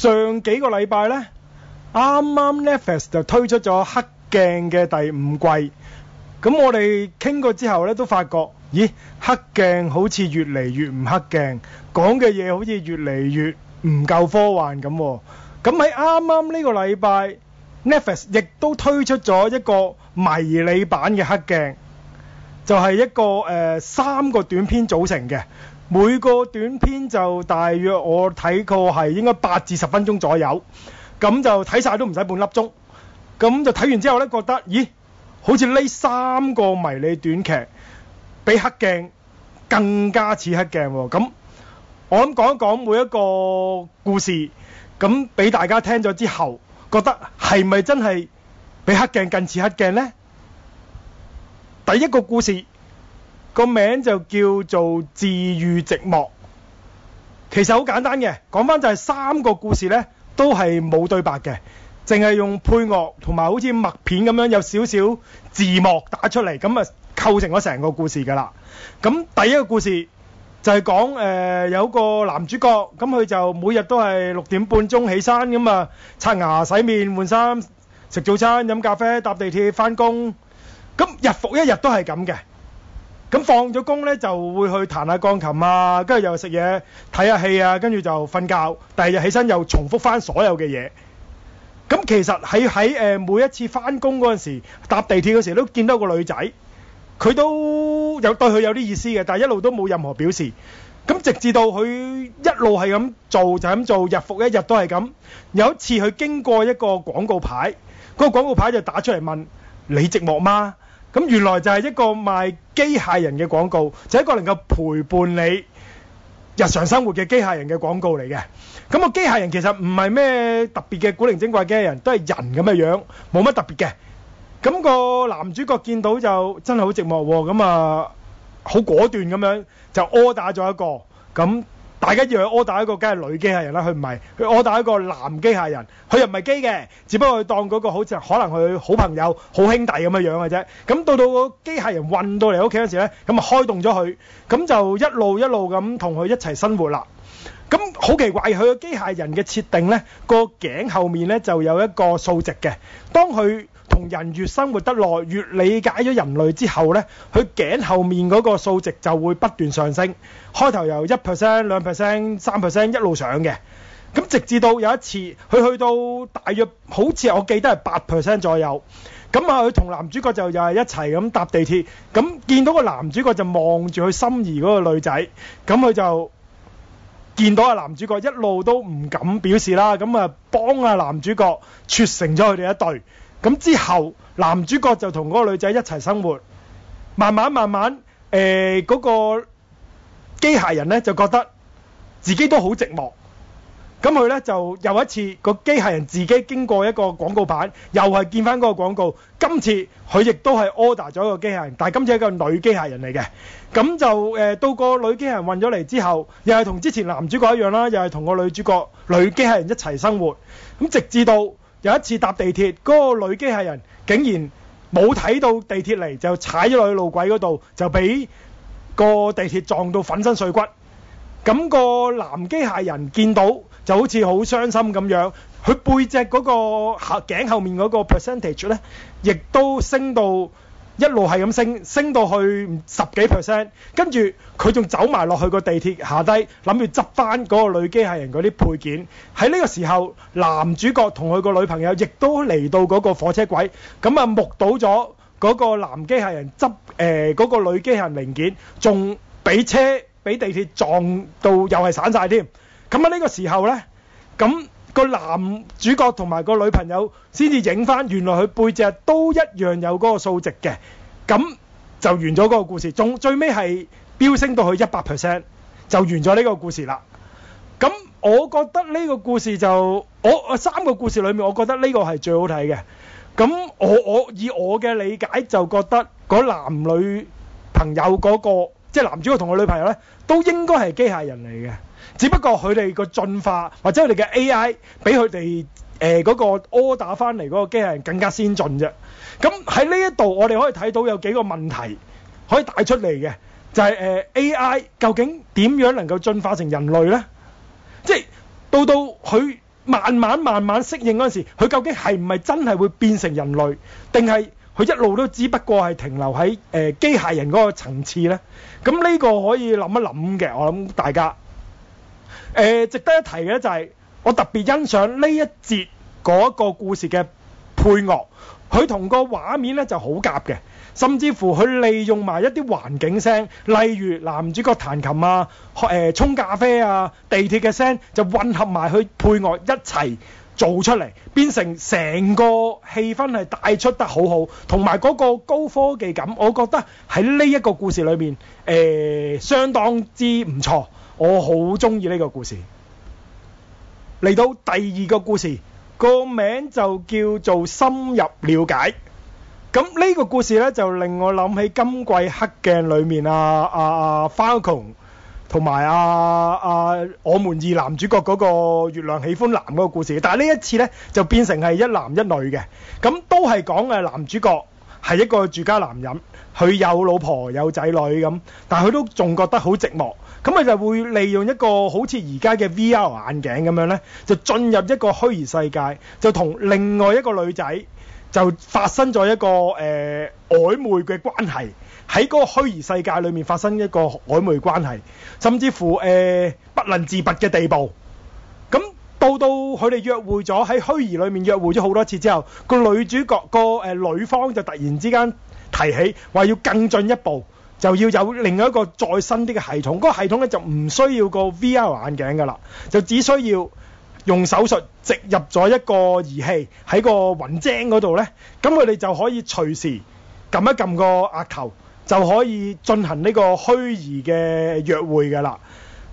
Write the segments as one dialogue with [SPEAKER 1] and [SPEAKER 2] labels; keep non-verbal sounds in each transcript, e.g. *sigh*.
[SPEAKER 1] 上幾個禮拜呢，啱啱 Netflix 就推出咗《黑鏡》嘅第五季。咁我哋傾過之後呢，都發覺，咦，《黑鏡》好似越嚟越唔黑鏡，講嘅嘢好似越嚟越唔夠科幻咁、哦。咁喺啱啱呢個禮拜，Netflix 亦都推出咗一個迷你版嘅《黑鏡》，就係、是、一個誒、呃、三個短篇組成嘅。每個短片就大約我睇過係應該八至十分鐘左右，咁就睇晒都唔使半粒鐘。咁就睇完之後呢，覺得咦，好似呢三個迷你短劇比黑鏡更加似黑鏡喎、哦。咁我諗講一講每一個故事，咁俾大家聽咗之後，覺得係咪真係比黑鏡更似黑鏡呢？第一個故事。個名就叫做《治癒寂寞》，其實好簡單嘅。講返就係三個故事呢，都係冇對白嘅，淨係用配樂同埋好似默片咁樣，有少少字幕打出嚟，咁啊構成咗成個故事㗎啦。咁第一個故事就係講誒、呃、有個男主角，咁佢就每日都係六點半鐘起身，咁啊刷牙、洗面、換衫、食早餐、飲咖啡、搭地鐵、返工，咁日復一日都係咁嘅。咁放咗工呢，就會去彈下鋼琴啊，跟住又食嘢、睇下戲啊，跟住就瞓覺。第二日起身又重複翻所有嘅嘢。咁其實喺喺誒每一次翻工嗰陣時，搭地鐵嗰時都見到個女仔，佢都有對佢有啲意思嘅，但係一路都冇任何表示。咁直至到佢一路係咁做就係咁做，日復一日都係咁。有一次佢經過一個廣告牌，嗰個廣告牌就打出嚟問：你寂寞嗎？咁原來就係一個賣機械人嘅廣告，就係一個能夠陪伴你日常生活嘅機械人嘅廣告嚟嘅。咁個機械人其實唔係咩特別嘅古靈精怪機械人，都係人咁嘅樣，冇乜特別嘅。咁個男主角見到就真係好寂寞喎，咁啊好果斷咁樣就屙打咗一個咁。大家要佢柯打一個，梗係女機械人啦。佢唔係佢柯打一個男機械人，佢又唔係機嘅，只不過佢當嗰個好似可能佢好朋友、好兄弟咁嘅樣嘅啫。咁、嗯、到到個機械人運到嚟屋企嗰時咧，咁、嗯、啊開動咗佢，咁、嗯、就一路一路咁同佢一齊生活啦。咁、嗯、好奇怪，佢個機械人嘅設定咧，個頸後面咧就有一個數值嘅，當佢，同人越生活得耐，越理解咗人類之後咧，佢頸後面嗰個數值就會不斷上升。開頭由一 percent、兩 percent、三 percent 一路上嘅，咁直至到有一次，佢去到大約好似我記得係八 percent 左右。咁啊，佢同男主角就又係一齊咁搭地鐵，咁見到個男主角就望住佢心儀嗰個女仔，咁佢就見到阿男主角一路都唔敢表示啦。咁啊，幫阿男主角撮成咗佢哋一對。咁之後，男主角就同嗰個女仔一齊生活，慢慢慢慢，誒嗰個機械人呢就覺得自己都好寂寞，咁佢呢就又一次個機械人自己經過一個廣告牌，又係見翻嗰個廣告，今次佢亦都係 order 咗一個機械人，但係今次係一個女機械人嚟嘅，咁就誒到個女機械人運咗嚟之後，又係同之前男主角一樣啦，又係同個女主角女機械人一齊生活，咁直至到。有一次搭地鐵，嗰個女機械人竟然冇睇到地鐵嚟，就踩咗落去路軌嗰度，就俾個地鐵撞到粉身碎骨。咁個男機械人見到就好似好傷心咁樣，佢背脊嗰個後頸後面嗰個 percentage 呢，亦都升到。一路係咁升，升到去十幾 percent，跟住佢仲走埋落去個地鐵下低，諗住執翻嗰個女機械人嗰啲配件。喺呢個時候，男主角同佢個女朋友亦都嚟到嗰個火車軌，咁啊目睹咗嗰個男機械人執誒嗰個女機械人零件，仲俾車俾地鐵撞到又係散晒添。咁啊呢個時候呢，咁。個男主角同埋個女朋友先至影返，原來佢背脊都一樣有嗰個數值嘅，咁就完咗嗰個故事。仲最尾係飆升到去一百 percent，就完咗呢個故事啦。咁我覺得呢個故事就我我三個故事裏面，我覺得呢個係最好睇嘅。咁我我以我嘅理解就覺得，嗰男女朋友嗰個即係男主角同個女朋友呢，都應該係機械人嚟嘅。只不過佢哋個進化或者佢哋嘅 A.I. 比佢哋誒嗰個 order 返嚟嗰個機械人更加先進啫。咁喺呢一度，我哋可以睇到有幾個問題可以帶出嚟嘅，就係誒 A.I. 究竟點樣能夠進化成人類呢？即係到到佢慢慢慢慢適應嗰陣時，佢究竟係唔係真係會變成人類，定係佢一路都只不過係停留喺誒機械人嗰個層次呢？咁呢個可以諗一諗嘅，我諗大家。呃、值得一提嘅就係、是、我特別欣賞呢一節嗰個故事嘅配樂，佢同個畫面咧就好夾嘅，甚至乎佢利用埋一啲環境聲，例如男主角彈琴啊、誒、呃、沖咖啡啊、地鐵嘅聲，就混合埋去配樂一齊做出嚟，變成成個氣氛係帶出得好好，同埋嗰個高科技感，我覺得喺呢一個故事裏面誒、呃、相當之唔錯。我好中意呢個故事。嚟到第二個故事，個名就叫做深入了解。咁呢個故事呢，就令我諗起今季黑鏡裏面啊啊啊 Falcon 同埋啊啊我們二男主角嗰個月亮喜歡男嗰個故事，但係呢一次呢，就變成係一男一女嘅，咁都係講嘅男主角。係一個住家男人，佢有老婆有仔女咁，但係佢都仲覺得好寂寞，咁佢就會利用一個好似而家嘅 VR 眼鏡咁樣呢，就進入一個虛擬世界，就同另外一個女仔就發生咗一個誒、呃、曖昧嘅關係，喺嗰個虛擬世界裡面發生一個曖昧關係，甚至乎誒、呃、不能自拔嘅地步，咁。到到佢哋約會咗，喺虛擬裏面約會咗好多次之後，個女主角個誒女方就突然之間提起，話要更進一步，就要有另外一個再新啲嘅系統。嗰個系統咧就唔需要個 VR 眼鏡㗎啦，就只需要用手術植入咗一個儀器喺個雲精嗰度呢。咁佢哋就可以隨時撳一撳個額頭，就可以進行呢個虛擬嘅約會㗎啦。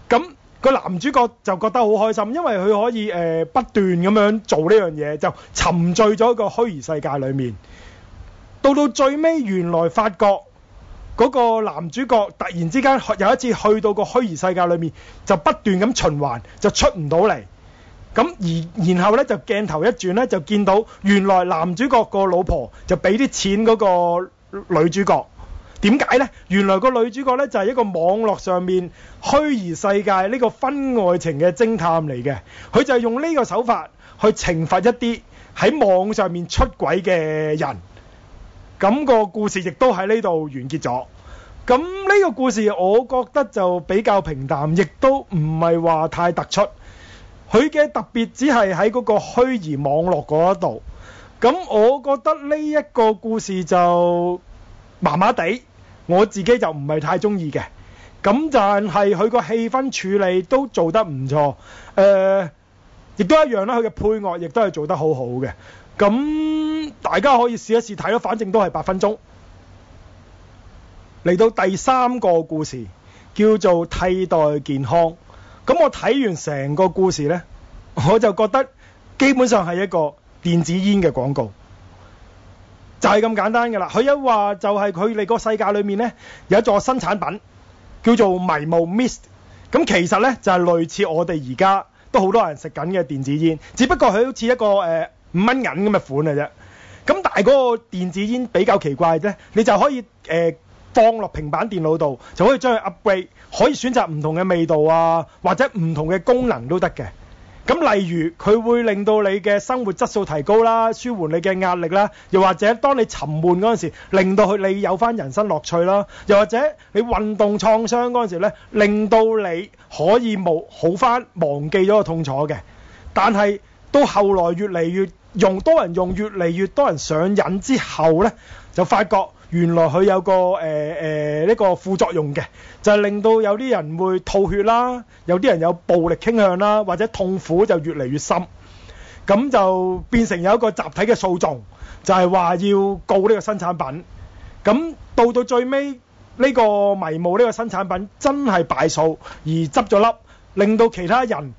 [SPEAKER 1] 咁個男主角就覺得好開心，因為佢可以誒、呃、不斷咁樣做呢樣嘢，就沉醉咗喺個虛擬世界裏面。到到最尾，原來發覺個男主角突然之間，有一次去到個虛擬世界裏面，就不斷咁循環，就出唔到嚟。咁而然後咧，就鏡頭一轉咧，就見到原來男主角個老婆就俾啲錢嗰個女主角。點解呢？原來個女主角呢，就係一個網絡上面虛擬世界呢個婚外情嘅偵探嚟嘅，佢就係用呢個手法去懲罰一啲喺網上面出軌嘅人。咁個故事亦都喺呢度完結咗。咁呢個故事我覺得就比較平淡，亦都唔係話太突出。佢嘅特別只係喺嗰個虛擬網絡嗰度。咁我覺得呢一個故事就～麻麻地，我自己就唔係太中意嘅。咁但係佢個氣氛處理都做得唔錯，誒、呃，亦都一樣啦。佢嘅配樂亦都係做得好好嘅。咁、嗯、大家可以試一試睇咯，反正都係八分鐘。嚟到第三個故事叫做替代健康。咁、嗯、我睇完成個故事呢，我就覺得基本上係一個電子煙嘅廣告。就係咁簡單㗎啦。佢一話就係佢哋個世界裏面呢，有一座新產品叫做迷霧 Mist，咁其實呢，就係、是，類似我哋而家都好多人食緊嘅電子煙，只不過佢好似一個誒、呃、五蚊銀咁嘅款嚟啫。咁但係嗰個電子煙比較奇怪咧，你就可以誒、呃、放落平板電腦度，就可以將佢 upgrade，可以選擇唔同嘅味道啊，或者唔同嘅功能都得嘅。咁例如佢會令到你嘅生活質素提高啦，舒緩你嘅壓力啦，又或者當你沉悶嗰陣時，令到佢你有翻人生樂趣啦，又或者你運動創傷嗰陣時呢，令到你可以冇好翻忘記咗個痛楚嘅。但係到後來越嚟越用多人用，越嚟越多人上癮之後呢，就發覺，原來佢有個誒誒呢個副作用嘅，就係令到有啲人會吐血啦，有啲人有暴力傾向啦，或者痛苦就越嚟越深。咁就變成有一個集體嘅訴訟，就係話要告呢個新產品。咁到到最尾呢個迷霧，呢個新產品真係敗訴而執咗笠，令到其他人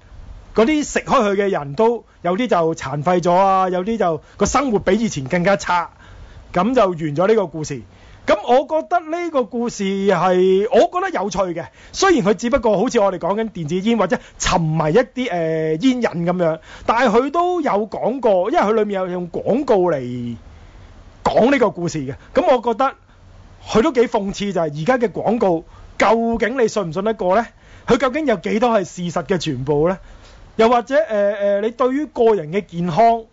[SPEAKER 1] 嗰啲食開佢嘅人都有啲就殘廢咗啊，有啲就個生活比以前更加差。咁就完咗呢個故事。咁我覺得呢個故事係我覺得有趣嘅，雖然佢只不過好似我哋講緊電子煙或者沉迷一啲誒、呃、煙癮咁樣，但係佢都有講過，因為佢裡面有用廣告嚟講呢個故事嘅。咁我覺得佢都幾諷刺就係而家嘅廣告究竟你信唔信得過呢？佢究竟有幾多係事實嘅全部呢？又或者誒誒、呃呃，你對於個人嘅健康？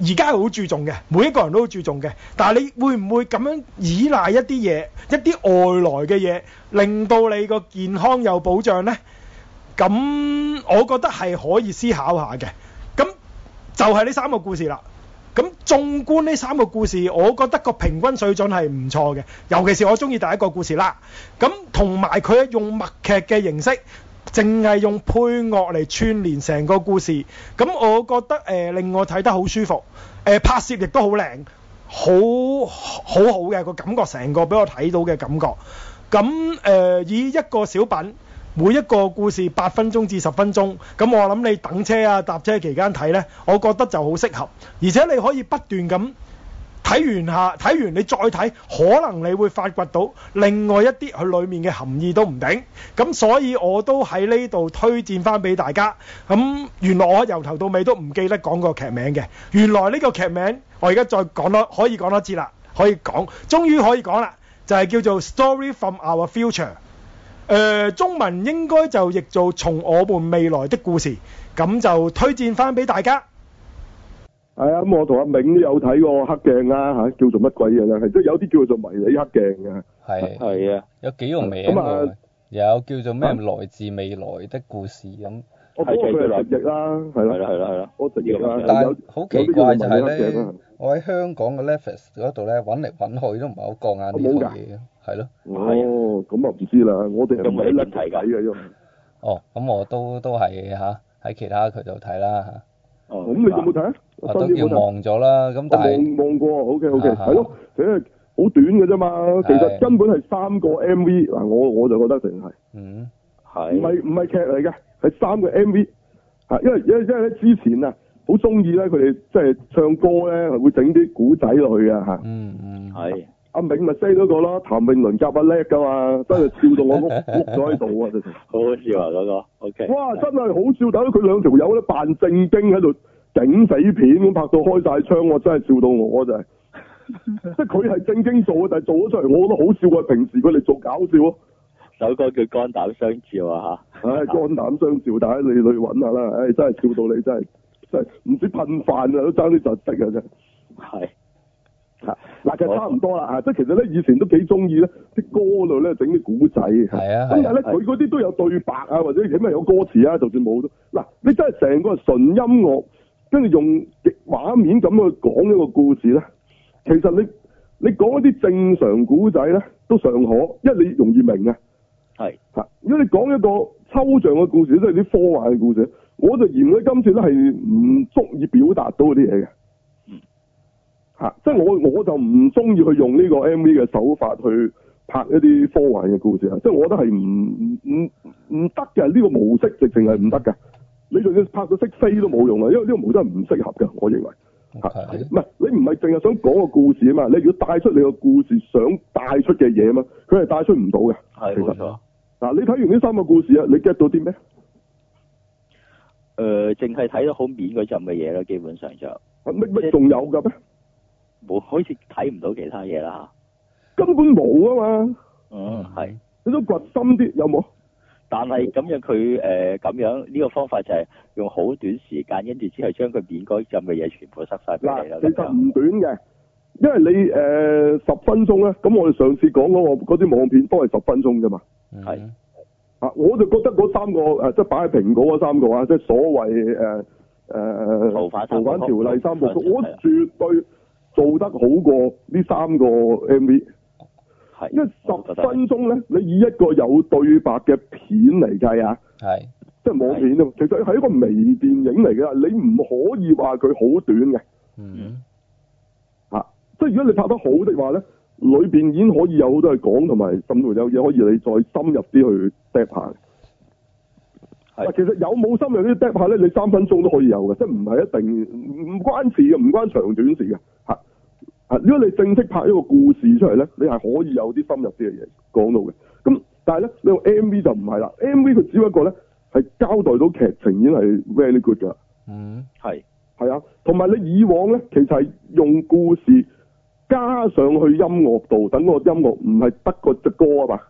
[SPEAKER 1] 而家好注重嘅，每一個人都好注重嘅。但係你會唔會咁樣依賴一啲嘢、一啲外來嘅嘢，令到你個健康有保障呢？咁我覺得係可以思考下嘅。咁就係、是、呢三個故事啦。咁縱觀呢三個故事，我覺得個平均水準係唔錯嘅，尤其是我中意第一個故事啦。咁同埋佢用默劇嘅形式。淨係用配樂嚟串聯成個故事，咁我覺得誒、呃、令我睇得好舒服，誒、呃、拍攝亦都好靚，好好好嘅個感覺，成個俾我睇到嘅感覺。咁、呃、誒以一個小品，每一個故事八分鐘至十分鐘，咁我諗你等車啊搭車期間睇呢，我覺得就好適合，而且你可以不斷咁。睇完下，睇完你再睇，可能你會發掘到另外一啲佢裏面嘅含義都唔定。咁、嗯、所以我都喺呢度推薦翻俾大家。咁、嗯、原來我由頭到尾都唔記得講個劇名嘅。原來呢個劇名我而家再講多，可以講多次啦，可以講，終於可以講啦，就係、是、叫做《Story from Our Future》。誒，中文應該就譯做《從我們未來的故事》。咁就推薦翻俾大家。
[SPEAKER 2] 係啊，咁我同阿銘都有睇過黑鏡啦嚇，叫做乜鬼嘢咧？即係有啲叫做迷你黑鏡嘅。
[SPEAKER 3] 係係啊，有幾個名啊嘛。有叫做咩來自未來的故事咁。我幫佢集集啦，係啦係啦係啦。
[SPEAKER 2] 我集嘅啦。但係好奇怪就係咧，我喺香港嘅 Netflix 嗰度咧揾嚟揾去都唔係好過眼啲嘢。冇㗎，係咯。哦，咁啊唔知啦，我哋就唔係一齊睇嘅。哦，咁我都都係嚇喺其他渠道睇啦嚇。咁你有冇睇啊？都叫望咗啦，咁望望過，OK OK，係咯，誒，好短嘅啫嘛，其實根本係三個 MV，嗱我我就覺得淨係，嗯，係，唔係唔係劇嚟嘅，係三個 MV，吓，因為因為因為咧之前啊，好中意，咧佢哋即係唱歌咧，會整啲古仔落去啊吓，嗯嗯，係。阿明咪 say 咗個咯，譚詠麟夾阿叻噶嘛，真係笑到我屋咗喺度啊！真係好笑真笑、就是、 *laughs* 是是好笑,笑,笑啊！嗰個，OK。哇、哎，真係好笑，睇到佢兩條友咧扮正經喺度整死片咁拍到開晒槍我真係笑到我真係，即係佢係正經做，但係做咗出嚟我都好笑啊！平時佢哋做搞笑。
[SPEAKER 3] 首歌叫肝膽相照啊
[SPEAKER 2] 吓，唉，肝膽相照，但係你去搵下啦，唉，真係笑到你真係真係唔知噴飯啊，都爭啲窒息啊。係。 *laughs* 嗱，就差唔多啦吓，即係其實咧，好實以前都幾中意咧啲歌度咧整啲古仔，係啊，咁但係咧佢嗰啲都有對白啊，或者起碼有歌詞啊，就算冇都嗱、啊，你真係成個純音樂，跟住用畫面咁去講一個故事咧，其實你你講一啲正常古仔咧都尚可，一你容易明是啊，係吓，如果你講一個抽象嘅故事，即係啲科幻嘅故事，我就嫌佢今次咧係唔足以表達到嗰啲嘢嘅。吓，即係我我就唔中意去用呢個 MV 嘅手法去拍一啲科幻嘅故事啊！即係我覺得係唔唔唔得嘅呢個模式，直情係唔得嘅。你仲要拍到識飛都冇用啊！因為呢個模式係唔適合嘅，我認為吓，唔係 Okay. 你唔係淨係想講個故事啊嘛，你如果帶出你個故事想帶出嘅嘢啊嘛，佢係帶出唔到嘅，係冇錯。嗱，你睇完呢三個故事啊，你 get 到啲咩？誒、
[SPEAKER 3] 呃，淨係睇得好面嗰陣嘅嘢咯，基本上就乜乜仲有嘅咩？冇，開始睇唔到其他嘢啦。
[SPEAKER 2] 根本冇啊嘛。嗯，係。你都掘深啲有冇？
[SPEAKER 3] 但係咁樣佢誒咁樣呢、這個方法就係用好短時間，跟住之後將佢面嗰浸嘅嘢全部塞晒俾你咯。其實
[SPEAKER 2] 唔短嘅，因為你誒十、呃、分鐘咧，咁、嗯、我哋上次講嗰個嗰啲網片都係十分鐘啫嘛。係的。啊，我就覺得嗰三個誒，即係擺喺蘋果啊，三個啊，即係所謂誒誒，逃犯逃犯條例三部曲、嗯、我絕對。做得好過呢三個 MV，係是因為十分鐘咧，你以一個有對白嘅片嚟計啊，係是即係冇片咯，是其實係一個微電影嚟嘅，你唔可以話佢好短嘅，
[SPEAKER 3] 嗯，
[SPEAKER 2] 嚇、啊，即係如果你拍得好的話咧，裏邊已經可以有好多嘢講，同埋甚至乎有嘢可以你再深入啲去 set 下。其實有冇深入啲 d e 嘅拍咧？你三分鐘都可以有嘅，即係唔係一定唔關事嘅，唔關長短事嘅。吓，吓，如果你正式拍一個故事出嚟咧，你係可以有啲深入啲嘅嘢講到嘅。咁但係咧，你用 M V 就唔係啦，M V 佢只不過咧係交代到劇情已經係 very good 噶。嗯，係係啊，同埋你以往咧，其實係用故事加上去音樂度，等個音樂唔係得個隻歌啊嘛。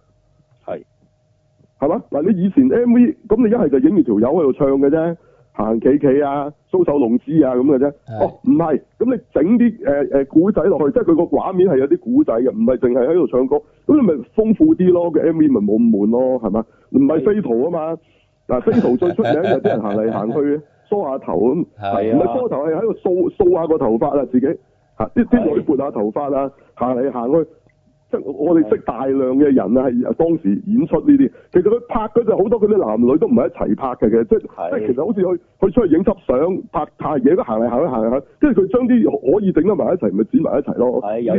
[SPEAKER 2] 係嘛？嗱，你以前 M V，咁你一係就影住條友喺度唱嘅啫，行行企企啊，搔首弄姿啊咁嘅啫。的哦，唔係，咁你整啲誒誒古仔落去，即係佢個畫面係有啲古仔嘅，唔係淨係喺度唱歌。咁你咪豐富啲咯，個 M V 咪冇咁悶咯，係嘛？唔係飛圖啊嘛，嗱飛圖最出名是就啲人行嚟行去，梳下頭咁，唔係 *laughs* 梳頭係喺度掃掃下個頭髮啊自己，吓啲啲女撥下頭髮啊，行嚟行去。我哋識大量嘅人啊，係當時演出呢啲。其實佢拍嗰陣好多佢啲男女都唔係一齊拍嘅，嘅的即係即係其實好似去去出去影執相拍太嘢都行嚟行去行嚟行，跟住佢將啲可以整得埋一齊，咪剪埋一齊咯。係的有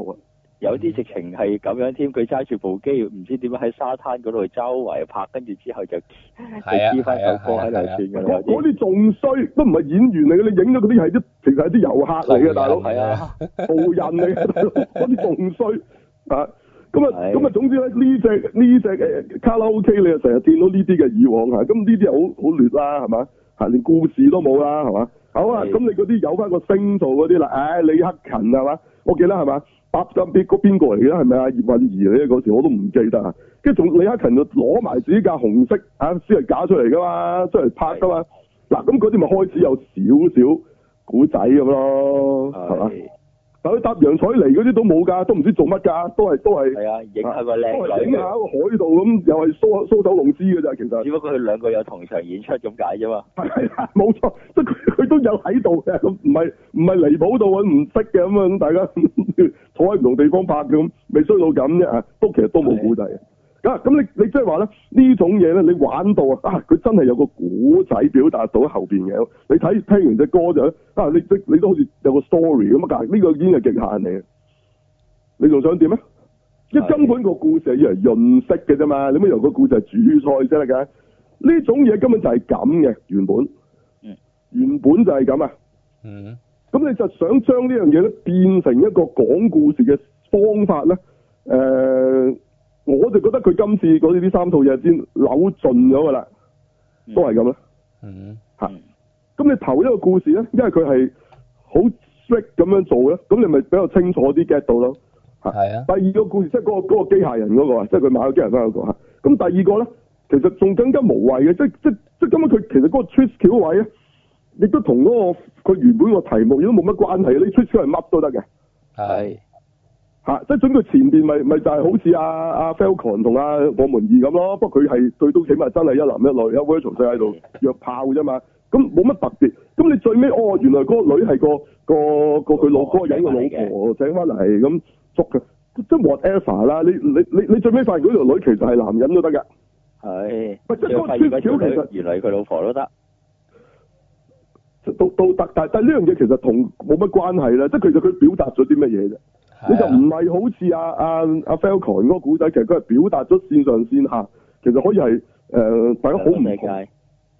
[SPEAKER 3] 啲有啲直情係咁樣添，佢揸住部機唔知點樣喺沙灘嗰度周圍拍，跟住之後就
[SPEAKER 2] 的就黐翻首歌喺度算嘅。有啲嗰啲仲衰，都唔係演員嚟嘅，你影咗嗰啲係啲其實係啲遊客嚟嘅，大佬係啊，路人嚟嘅嗰啲仲衰。 *laughs* *laughs* 啊，咁啊，咁啊的，總之咧呢隻呢隻誒卡拉 OK，你就成日見到呢啲嘅以往嚇，咁呢啲好好劣啦，係嘛？嚇連故事都冇啦，係嘛？的好啊，咁你嗰啲有翻個星座嗰啲啦，誒、哎、李克勤係嘛？我記得係嘛？八三邊，嗰個邊個嚟嘅，係咪啊？葉韻儀嚟嘅嗰時我都唔記得啊。跟住仲李克勤就攞埋自己架紅色啊，先係假出嚟噶嘛，出嚟拍噶嘛。嗱咁嗰啲咪開始有少少古仔咁咯，係嘛？的但佢搭楊彩嚟嗰啲都冇噶，都唔知做乜噶，都係都係係啊，影下個靚女影下個海度咁，又係搔搔首弄姿嘅咋，其實只
[SPEAKER 3] 不過佢兩個有同場演出咁解啫嘛。係
[SPEAKER 2] 啊，冇錯，即係佢佢都有喺度嘅，咁唔係唔係離譜到佢唔識嘅咁啊，大家 *laughs* 坐喺唔同地方拍嘅咁，未衰到咁啫啊，都其實都冇古仔。咁、啊、你你即係話咧呢種嘢咧，你玩到啊，佢真係有個古仔表達到後邊嘅。你睇聽完隻歌就啊，你你你都好似有個 story 咁啊！呢、這個已經係極限嚟嘅，你仲想點咧？即係的根本個故事係要嚟潤色嘅啫嘛，你乜由個故事係主菜先得嘅？呢、啊、種嘢根本就係咁嘅原本，嗯、原本就係咁啊！咁、嗯、你就想將呢樣嘢咧變成一個講故事嘅方法咧？誒、呃。我就覺得佢今次嗰啲啲三套嘢先扭盡咗噶啦，都係咁啦，吓、嗯，咁、嗯、你頭一個故事咧，因為佢係好識咁樣做咧，咁你咪比較清楚啲 get 到咯，係啊。第二個故事即係嗰個嗰、嗰個機械人嗰、嗰個，即係佢買咗機械人翻、嗰、去個，咁第二個咧，其實仲更加無謂嘅，即係即係即係咁樣，佢其實嗰個出橋位咧，亦都同嗰個佢原本個題目亦都冇乜關係，你出橋係乜都得嘅，係。即係準到前邊咪咪就係好似阿阿 Falcon 同阿郭門義咁咯，不過佢係對到起碼真係一男一女，有 v i r 喺度約炮啫嘛。咁冇乜特別。咁你最尾哦，原來嗰個女係個個個佢老嗰人嘅老婆，醒翻嚟咁捉佢。即係 whatever 啦。你你你你最尾發現嗰條女其實係男人都得嘅。係是。即係嗰個
[SPEAKER 3] 穿條其實，
[SPEAKER 2] 原嚟佢老婆都得。都都得，但但係呢樣嘢其實同冇乜關係啦。即係其實佢表達咗啲乜嘢啫。你就唔係好似阿阿阿 Falcon 嗰個古仔，其實佢係表達咗線上線下，其實可以係誒、呃，大家好唔理解，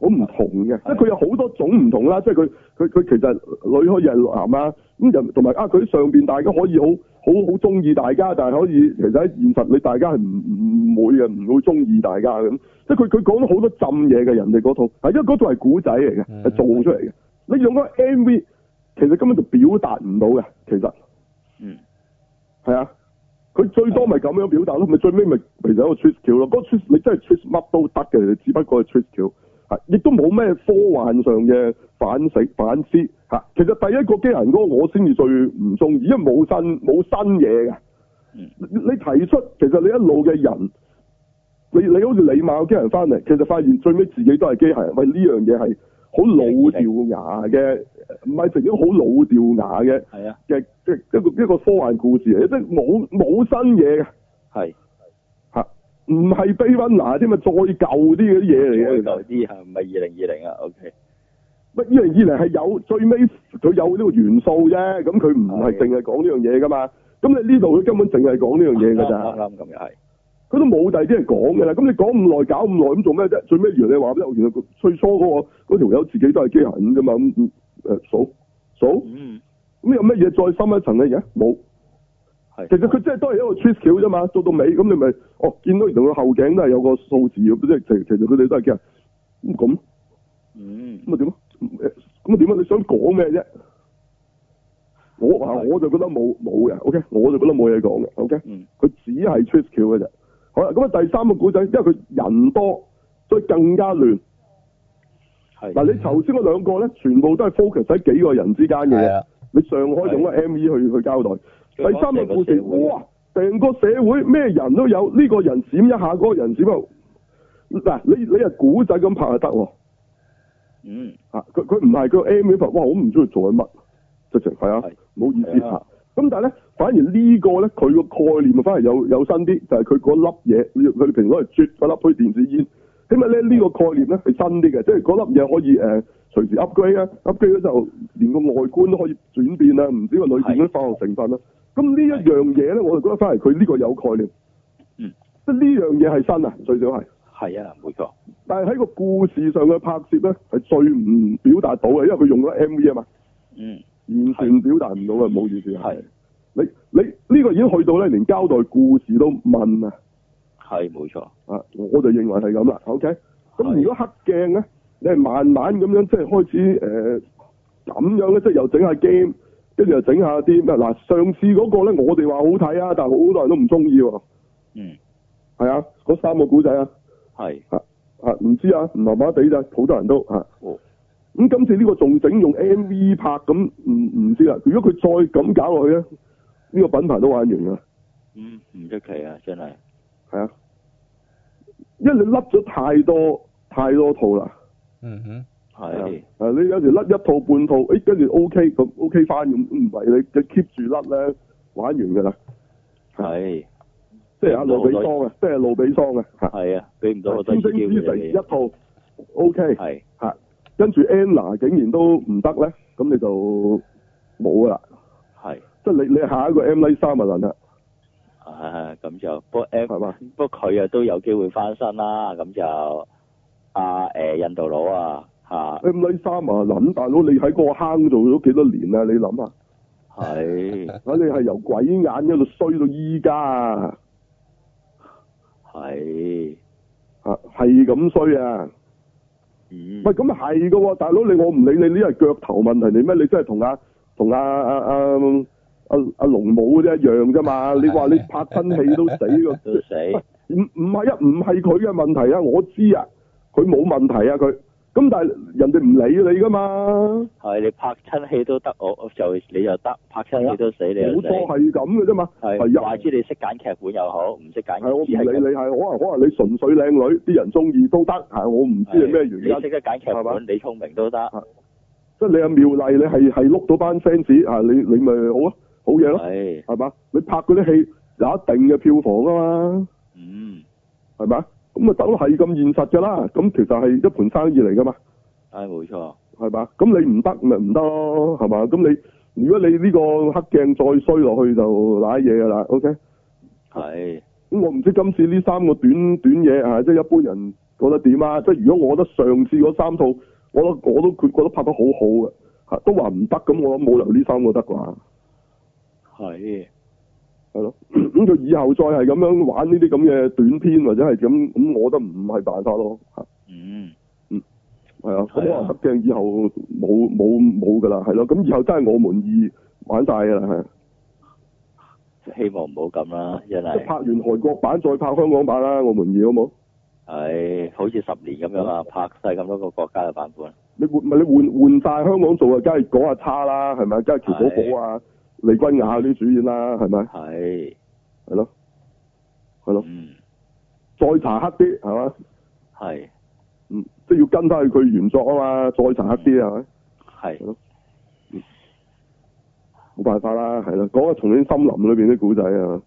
[SPEAKER 2] 好唔、嗯、同嘅，即係佢有好多種唔同啦。即係佢佢佢其實女可以係男啊，咁就同埋啊，佢上邊大家可以好好好中意大家，但係可以其實喺現實你大家係唔唔會嘅，唔會中意大家。咁即係佢佢講咗好多浸嘢嘅人哋嗰套，係因為嗰套係古仔嚟嘅，係、啊、做出嚟嘅。你用嗰個 MV，其實根本就表達唔到嘅，其實。嗯係啊，佢最多咪咁樣表達咯，咪最尾咪嚟咗個 trick 橋咯，嗰 trick 你真係 trick 乜都得嘅，你只不過係 trick 橋，亦都冇咩科幻上嘅反思反思。吓、啊，其實第一個機械人嗰個我先至最唔中意，因為冇新冇新嘢嘅。你提出其實你一路嘅人，你你好似禮貌機械人翻嚟，其實發現最尾自己都係機械人，喂呢樣嘢係。好 *noise* 老掉牙嘅，唔係成咗好老掉牙嘅，係啊，即係即係一個一個科幻故事，嚟，即係冇冇新嘢嘅，係是，吓，唔係低溫啊，添咪再舊啲嘅嘢嚟嘅，再舊
[SPEAKER 3] 啲係唔係二零二零啊？O K，
[SPEAKER 2] 乜二零二零係有最尾佢有呢個元素啫，咁佢唔係淨係講呢樣嘢噶嘛，咁你呢度佢根本淨係講呢樣嘢噶咋？
[SPEAKER 3] 啱啱咁又係。啊啊啊啊啊
[SPEAKER 2] 佢都冇第二啲嘢講嘅啦，咁你講咁耐，搞咁耐，咁做咩啫？最尾原來你話唔得，原來最初嗰、嗰個條友、嗰個、自己都係機械㗎嘛，咁咁誒數數，數嗯，咁有乜嘢再深一層嘅嘢？冇、啊，係，其實佢真係都係一個 trick 橋啫嘛，做到尾咁你咪哦，見到原來個後頸都係有個數字咁啫，其其實佢哋都係機械，咁、啊、咁，嗯，咁啊點啊？誒，咁啊點你想講咩啫？我話、嗯、我就覺得冇冇嘅，OK，我就覺得冇嘢講嘅，OK，佢、嗯、只係 trick 嘅啫。咁啊，第三個古仔，因為佢人多，所以更加亂。係嗱的，你頭先嗰兩個咧，全部都係 focus 喺幾個人之間嘅。的你上海用嗰個 M E 去去交代。的第三個故事，哇，成個社會咩人都有，呢、這個人閃一下，嗰、那個人閃。嗱，你你係古仔咁拍就得。嗯。吓，佢佢唔係佢 MV 拍，哇，好唔鍾意做緊乜，直情係啊，唔的好意思吓。的咁但係咧，反而個呢個咧，佢個概念反而有有新啲，就係佢嗰粒嘢，佢哋平時係絕咗粒虛電子煙。起碼咧，呢、呢個概念咧係新啲嘅，即係嗰粒嘢可以誒、呃、隨時 upgrade 啊，upgrade 咧就連個外觀都可以轉變啊，唔止個裏邊啲化學成分啊。咁的呢一樣嘢咧，我就覺得反而佢呢個有概念。嗯，即係呢樣嘢係新啊，最少係。係啊，冇錯。但係喺個故事上嘅拍攝咧，係最唔表達到嘅，因為佢用咗 MV 啊嘛。嗯。完全表達唔到嘅，冇的意思。係的你你呢個已經去到咧，連交代故事都問啊。
[SPEAKER 3] 係冇錯
[SPEAKER 2] 啊，我就認為係咁啦。OK，咁如果黑鏡咧，你係慢慢咁樣即係開始誒咁、呃、樣咧，即係又整下 game，跟住又整下啲咩嗱？上次嗰個咧，我哋話好睇啊，但係好多人都唔中意喎。嗯，係啊，嗰三個古仔啊，係啊啊唔知啊，唔麻麻地咋？好多人都啊。哦。咁今次呢個仲整用 M V 拍咁唔唔知啦。如果佢再咁搞落去咧，呢個品牌都玩完噶啦。嗯，唔
[SPEAKER 3] 出奇啊，
[SPEAKER 2] 真係。係啊，因為你甩咗太多太多套啦。嗯哼、mm，係、hmm. 的。啊，你有時甩一套半套，誒，跟住 O K 咁 O K 翻咁，唔係你就 keep 住甩咧，玩完噶啦、啊。係。即係路比桑，就是、比桑啊！即係路比桑啊！
[SPEAKER 3] 係、oh, okay, 啊，比
[SPEAKER 2] 唔到我得意啲一套 O K 係吓。跟住 Anna 竟然都唔得咧，咁你就冇啦，係是，即係你你下一個 M Lee 三啊林啦，啊
[SPEAKER 3] 咁就不過 M 係嘛，不過佢啊都有機會翻身啦，咁就阿誒印度佬啊
[SPEAKER 2] 吓、啊、M Lee 三啊林大佬，你喺嗰個坑做咗幾多年想想是啊？你諗啊，係，你係由鬼眼一路衰到依家，係是，啊係咁衰啊！喂，咁係噶喎，大佬你我唔理你呢，係腳頭問題嚟咩？你真係同阿同阿阿阿阿阿龍武啲一樣啫嘛？你話你拍親戲都死㗎，都死。唔唔係一唔係佢嘅問題啊，我知啊，佢冇問題啊佢。咁但係人哋唔理你噶嘛？
[SPEAKER 3] 係你拍親戲都得，我就你就得拍親戲都死你死。好多係咁噶啫嘛，係又話知你識揀劇本又好，唔識揀劇本。係我唔理
[SPEAKER 2] 你，係可能可能你純粹靚女，啲人中意都得。係我唔知係咩原因。
[SPEAKER 3] 識得揀劇本，吧你聰明都得。
[SPEAKER 2] 即係你阿妙麗，你係係碌到班 fans，啊你你咪好咯，好嘢咯，係嘛是？你拍嗰啲戲有一定嘅票房噶嘛？嗯，係嘛？咁啊，都係咁現實噶啦，咁其實係一盤生意嚟噶嘛。
[SPEAKER 3] 誒、哎，冇錯，
[SPEAKER 2] 係嘛？咁你唔得咪唔得咯，係嘛？咁你如果你呢個黑鏡再衰落去就瀨嘢噶啦，OK？係。咁我唔知今次呢三個短短嘢嚇，即係一般人覺得點啊？即係如果我覺得上次嗰三套，我都我都覺得拍得好好、啊、嘅，都話唔得咁，我冇理由呢三個得啩？
[SPEAKER 3] 係。
[SPEAKER 2] 係咯，咁佢 *laughs* 以後再係咁樣玩呢啲咁嘅短片或者係咁，咁我都唔係辦法咯吓。嗯嗯，係啊、嗯，肯定的以後冇冇冇噶啦，係咯，咁以後真係我滿意玩晒噶啦，係。希望唔
[SPEAKER 3] 好咁啦，真係。拍完
[SPEAKER 2] 韓國版再拍香港版啦，我滿意好冇？係，好
[SPEAKER 3] 似十年咁樣啊，拍晒咁多個國家嘅
[SPEAKER 2] 版本。你換咪你換換晒香港做啊，梗係講下差啦，係咪梗係喬寶寶啊！李君雅啲主演啦，係咪？係，係咯，係咯。嗯，再查黑啲，係嘛？係。嗯，即係要跟翻佢原作啊嘛，再查黑啲啊，係咪？係咯。冇辦法啦，係咯。嗰個重慶森林裏邊啲古仔啊。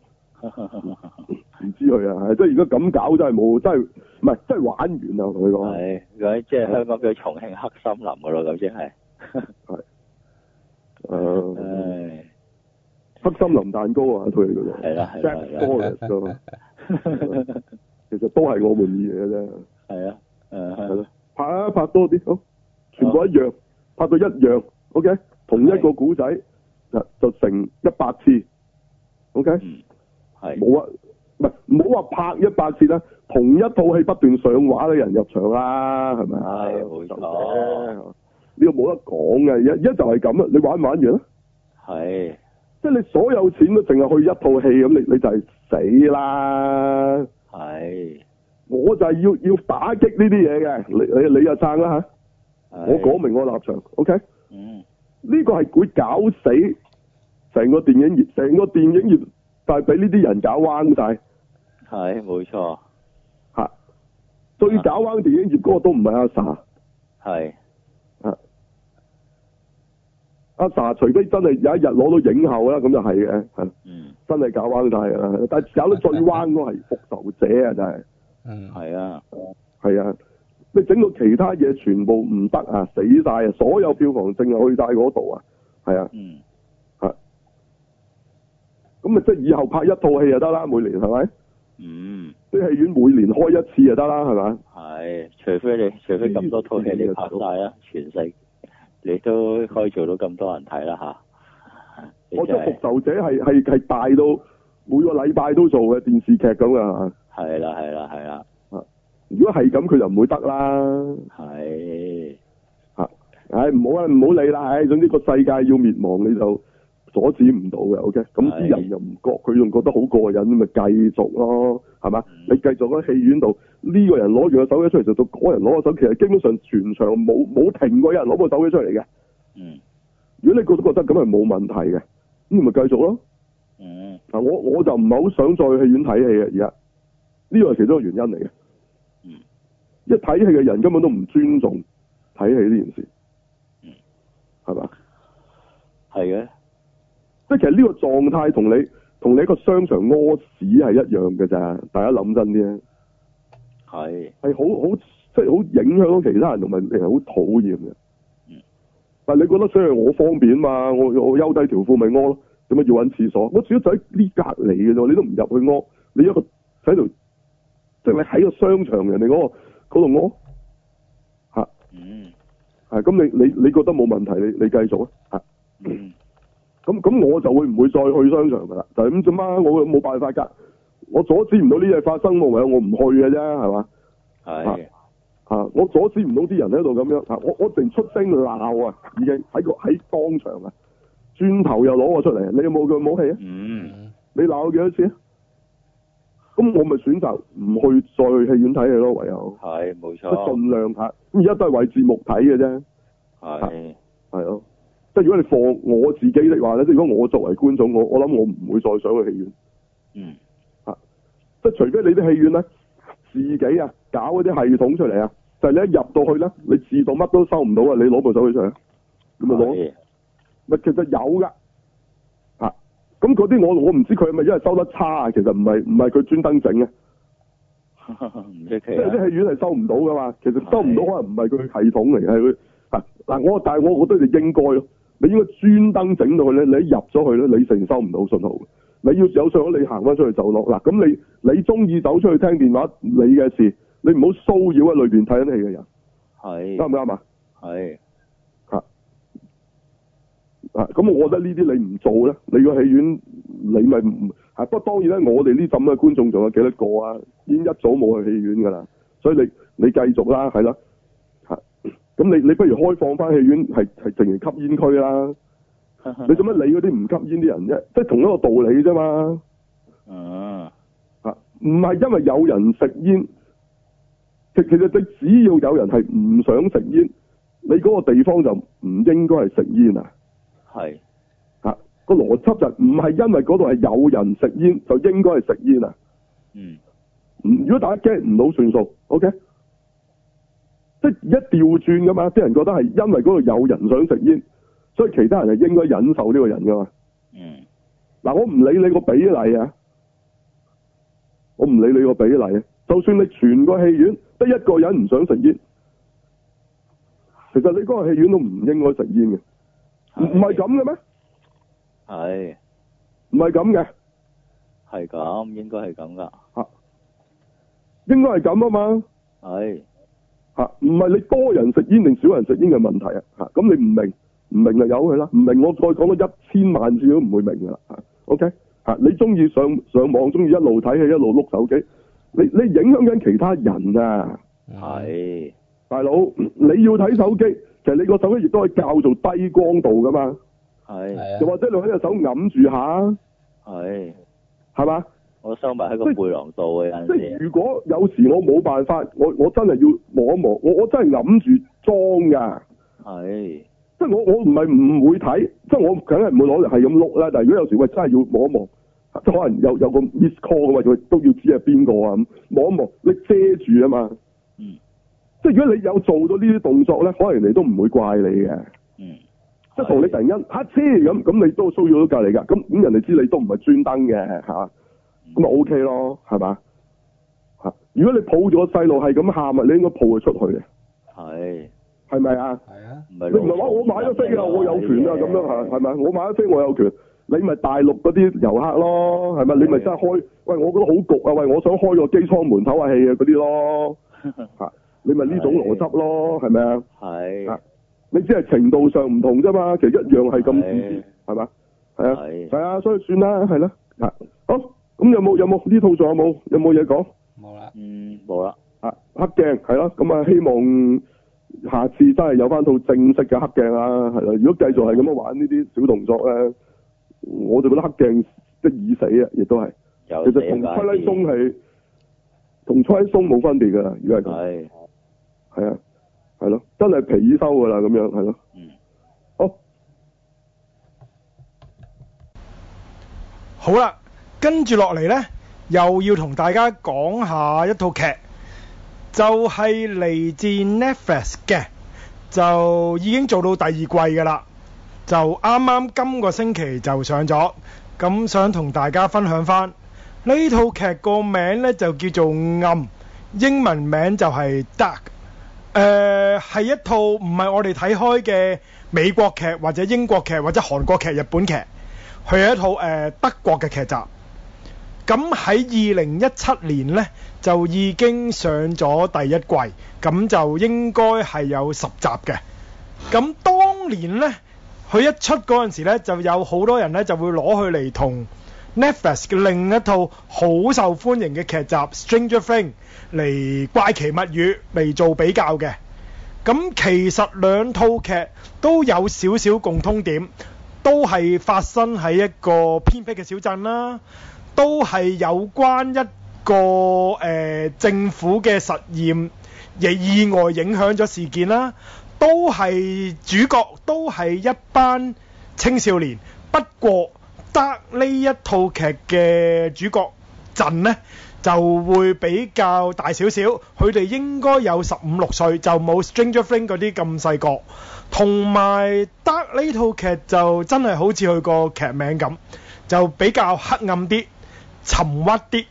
[SPEAKER 2] 唔知佢啊，係即係如果咁搞真係冇，真係唔係真係玩完啊！同你講。係，而家
[SPEAKER 3] 即係香港叫重慶黑森林噶咯，咁先係。
[SPEAKER 2] 係。誒。誒。黑森林蛋糕啊，佢哋叫做。係啦，係啦。其實都係我滿意嘅啫。係啊，誒係咯，拍啊拍多啲好，全部一樣，拍到一樣，OK，同一個古仔，就成一百次，OK，係。冇啊，唔係唔好話拍一百次啦，同一套戲不斷上畫嘅人入場啦，係咪啊？呢個冇得講嘅，一一就係咁啊！你玩唔玩完？係。即係你所有錢都淨係去一套戲咁，你你就係死是就就啦！係是，我就係要要打擊呢啲嘢嘅。你你你又爭啦吓！我講明我立場，OK？嗯，呢個係會搞死成個電影業，成個電影業就係俾呢啲人、啊、搞彎嘅，但係
[SPEAKER 3] 係，冇錯。
[SPEAKER 2] 吓，最搞彎電影業嗰個都唔係阿 Sa。
[SPEAKER 3] 係。
[SPEAKER 2] 阿查、啊，除非真係有一日攞到影后啦，咁就係嘅，吓、嗯，真係搞彎曬啦。但搞得最彎嗰係復仇者啊，真係，嗯，係啊，係啊，你整到其他嘢全部唔得啊，死晒啊，所有票房淨係去晒嗰度啊，係啊、嗯，吓，咁啊，即係以後拍一套戲就得啦，每年係咪？嗯，啲戲院每年開一次就得啦，係咪啊？係，
[SPEAKER 3] 除非你，除非咁多套戲你拍晒啊，全城。你都可以做到咁多人睇啦吓，啊就是，我做復
[SPEAKER 2] 仇者係係係大到每個禮拜都做嘅電視劇咁啊。
[SPEAKER 3] 係啦係啦係啦。
[SPEAKER 2] 如果係咁，佢就唔會得啦。係嚇的！唉唔好啊唔好，哎啊，理啦！唉，哎，總之個世界要滅亡你就～阻止唔到嘅，OK，咁啲人又唔覺，佢仲覺得好過癮，咪繼續咯，係嘛？嗯、你繼續喺戲院度呢、這個人攞住個手機出嚟，就到嗰人攞個手機，其實基本上全場冇冇停過有人攞個手機出嚟嘅。嗯，如果你覺都覺得咁係冇問題嘅，咁咪繼續咯。嗯，嗱，我我就唔係好想再去戲院睇戲嘅，而家呢個係其中一個原因嚟嘅。嗯，一睇戲嘅人根本都唔尊重睇戲呢件事。嗯，係嘛的？
[SPEAKER 3] 係嘅、嗯。
[SPEAKER 2] 即係其實呢個狀態同你同你喺個商場屙屎係一樣嘅咋，大家諗真啲啊，係係好好即係好影響到其他人同埋人好討厭嘅。嗯、但係你覺得雖然我方便啊嘛，我我休低條褲咪屙咯，點解要搵廁所？我最多就喺呢隔籬嘅啫，你都唔入去屙，你一個喺度，即係你喺個商場人哋嗰、嗰個度屙吓，係、咁、咁、個、你你你覺得冇問題，你你繼續啊吓。嗯咁咁我就會唔會再去商場噶啦？就係咁啫嘛，我冇辦法噶，我阻止唔到呢嘢發生咯，唯有我唔去嘅啫，係嘛？係的啊，我阻止唔到啲人喺度咁樣啊！我我直出聲鬧啊，已經喺個喺當場啊！轉頭又攞我出嚟，你有冇佢冇氣啊？嗯，你鬧咗幾多次啊？咁我咪選擇唔去再去戲院睇戲咯，唯有係
[SPEAKER 3] 冇錯，盡
[SPEAKER 2] 量睇。而家都係為節目睇嘅啫，係係咯。的即係如果你放我自己的話咧，即如果我作為觀眾，我我諗我唔會再上去戲院。嗯。啊！即係除非你啲戲院咧，自己啊搞嗰啲系統出嚟啊，就係、是、你一入到去咧，你自動乜都收唔到啊！你攞部手機上，咁咪攞咪？是其實有噶。吓、啊，咁嗰啲我我唔知佢係咪因為收得差啊？其實唔係唔係佢專登整嘅。 *laughs* 啊！即係啲戲院係收唔到噶嘛？其實收唔到可能唔係佢系統嚟，係佢吓嗱。我但係我，我覺得你應該咯。你應該專登整到佢，咧，你入咗去咧，你承受唔到信號。你要有信號，你行翻出去就落。嗱，咁你你中意走出去聽電話，你嘅事，你唔好騷擾喺裏邊睇緊戲嘅人。係是是。啱唔啱啊？係。吓。啊，咁我覺得呢啲你唔做咧，你個戲院你咪唔吓。不過當然咧，我哋呢咁嘅觀眾仲有幾多個啊？已經一早冇去戲院噶啦，所以你你繼續啦，係啦，啊。咁你你不如開放翻戲院，係係淨係吸煙區啦。 *laughs* 你做乜理嗰啲唔吸煙啲人啫？即係同一個道理啫嘛。啊，嚇、啊！唔係因為有人食煙，其其實你只要有人係唔想食煙，你嗰個地方就唔應該係食煙是啊。係，嚇個邏輯就唔係因為嗰度係有人食煙就應該係食煙啊。嗯，唔，如果大家驚唔好算數，OK。即一調轉噶嘛，啲人覺得係因為嗰度有人想食煙，所以其他人係應該忍受呢個人噶嘛。嗯。嗱，我唔理你個比例啊，我唔理你個比例，就算你全個戲院得一個人唔想食煙，其實你嗰個戲院都唔應該食煙嘅，唔唔係咁嘅咩？
[SPEAKER 3] 係。
[SPEAKER 2] 唔係咁嘅。
[SPEAKER 3] 係咁，應該係咁噶。
[SPEAKER 2] 吓。應該係咁啊嘛。係。吓，唔係、啊、你多人食煙定少人食煙嘅問題啊！吓、啊，咁你唔明，唔明就由佢啦。唔明我再講多一千萬次都唔會明噶啦。吓、啊、，OK？吓、啊，你中意上上網，中意一路睇戲，一路碌手機。你你影響緊其他人啊！係、啊，大佬你要睇手機，其實你個手機亦都可以較做低光度噶嘛。
[SPEAKER 3] 係、啊，又或
[SPEAKER 2] 者你喺隻手揞住下。係，係嘛？
[SPEAKER 3] 我收埋喺個背囊度嘅。即係
[SPEAKER 2] 如果有時我冇辦法，我我真係要摸一摸，我我真係諗住裝噶。係的，即係我我唔係唔會睇，即係我梗係唔會攞嚟係咁碌啦。但係如果有時我真係要摸一摸，即可能有有個 miscall 嘅話，就都要知係邊個啊咁望一望，你遮住啊嘛。嗯，即係如果你有做到呢啲動作咧，可能你都唔會怪你嘅。嗯，即同你突然間黑車咁，咁你都騷擾咗隔籬噶，咁咁人哋知你都唔係專登嘅，吓、啊。咁咪 O K 咯，係嘛？吓，如果你抱住個細路係咁喊，你應該抱佢出去嘅。係。係咪啊？係啊。唔係你唔係話我買咗飛啊，我有權啊咁樣吓，係咪？我買咗飛我有權，你咪大陸嗰啲遊客咯，係咪？你咪真係開喂，我覺得好焗啊！喂，我想開個機艙門唞下氣啊！嗰啲咯吓，你咪呢種邏輯咯，係咪啊？係。你只係程度上唔同啫嘛，其實一樣係咁自私，係嘛？係啊，係啊，所以算啦，係咯，吓好。咁有冇有冇呢套仲有冇有冇嘢講？冇啦，了嗯，冇啦。啊，黑鏡係咯，咁啊，希望下次真係有翻套正式嘅黑鏡啦，啊，係啦。如果繼續係咁樣玩呢啲小動作咧，我哋覺得黑鏡即已死啊，亦都係。
[SPEAKER 1] 其實同拉松係
[SPEAKER 2] 同吹鬆冇分別噶啦，如果係咁。係的。係啊，係咯，真係皮已收噶啦，咁樣係咯。嗯。好。
[SPEAKER 1] 好啦。跟住落嚟呢，又要同大家講下一套劇，就係、是、嚟自 Netflix 嘅，就已經做到第二季噶啦，就啱啱今個星期就上咗，咁、嗯、想同大家分享翻呢套劇個名呢，就叫做暗，英文名就係 Dark，誒、呃、係一套唔係我哋睇開嘅美國劇或者英國劇或者韓國劇、日本劇，係一套誒、呃、德國嘅劇集。咁喺二零一七年呢，就已經上咗第一季，咁就應該係有十集嘅。咁當年呢，佢一出嗰陣時呢，就有好多人呢就會攞佢嚟同 Netflix 嘅另一套好受歡迎嘅劇集《Stranger Things》嚟怪奇物語嚟做比較嘅。咁其實兩套劇都有少少共通點，都係發生喺一個偏僻嘅小鎮啦。都係有關一個誒、呃、政府嘅實驗，亦意外影響咗事件啦。都係主角，都係一班青少年。不過 Dark 呢一套劇嘅主角陣呢，就會比較大少少。佢哋應該有十五六歲，就冇《Stranger Things》嗰啲咁細個。同埋 Dark 呢套劇就真係好似佢個劇名咁，就比較黑暗啲。沉鬱啲，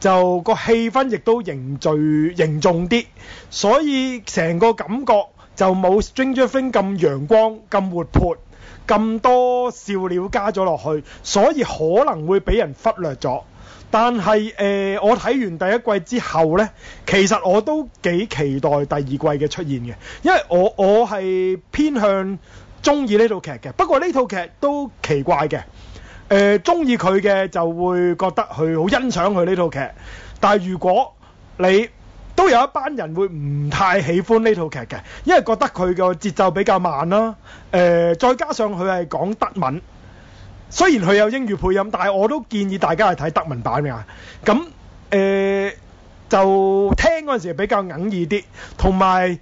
[SPEAKER 1] 就個氣氛亦都凝聚凝重啲，所以成個感覺就冇《Stranger Things》咁陽光、咁活潑、咁多笑料加咗落去，所以可能會俾人忽略咗。但係誒、呃，我睇完第一季之後呢，其實我都幾期待第二季嘅出現嘅，因為我我係偏向中意呢套劇嘅。不過呢套劇都奇怪嘅。誒中意佢嘅就會覺得佢好欣賞佢呢套劇，但係如果你都有一班人會唔太喜歡呢套劇嘅，因為覺得佢個節奏比較慢啦。誒、呃，再加上佢係講德文，雖然佢有英語配音，但係我都建議大家係睇德文版嘅。咁誒、呃、就聽嗰陣時比較哽耳啲，同埋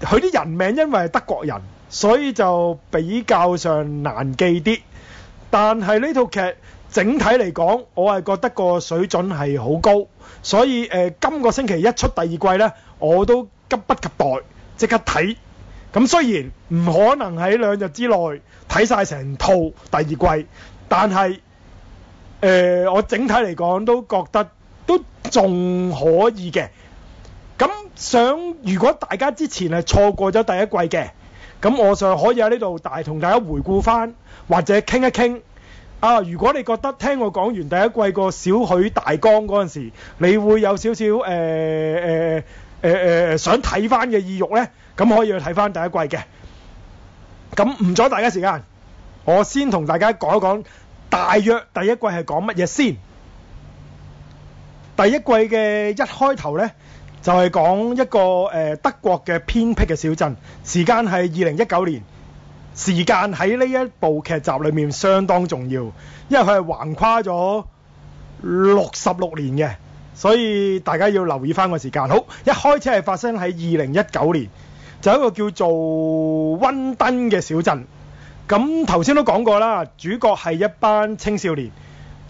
[SPEAKER 1] 佢啲人名因為係德國人，所以就比較上難記啲。但係呢套劇整體嚟講，我係覺得個水準係好高，所以誒今、呃今個星期一出第二季呢，我都急不及待即刻睇。咁雖然唔可能喺兩日之內睇晒成套第二季，但係誒、呃、我整體嚟講都覺得都仲可以嘅。咁想如果大家之前係錯過咗第一季嘅，咁我就可以喺呢度大同大家回顧翻，或者傾一傾。啊，如果你覺得聽我講完第一季個少許大綱嗰陣時，你會有少少誒誒誒想睇翻嘅意欲呢。咁可以去睇翻第一季嘅。咁唔阻大家時間，我先同大家講一講大約第一季係講乜嘢先。第一季嘅一開頭呢，就係講一個誒、呃、德國嘅偏僻嘅小鎮，時間係二零一九年。時間喺呢一部劇集裏面相當重要，因為佢係橫跨咗六十六年嘅，所以大家要留意返個時間。好，一開始係發生喺二零一九年，就一個叫做溫登嘅小鎮。咁頭先都講過啦，主角係一班青少年。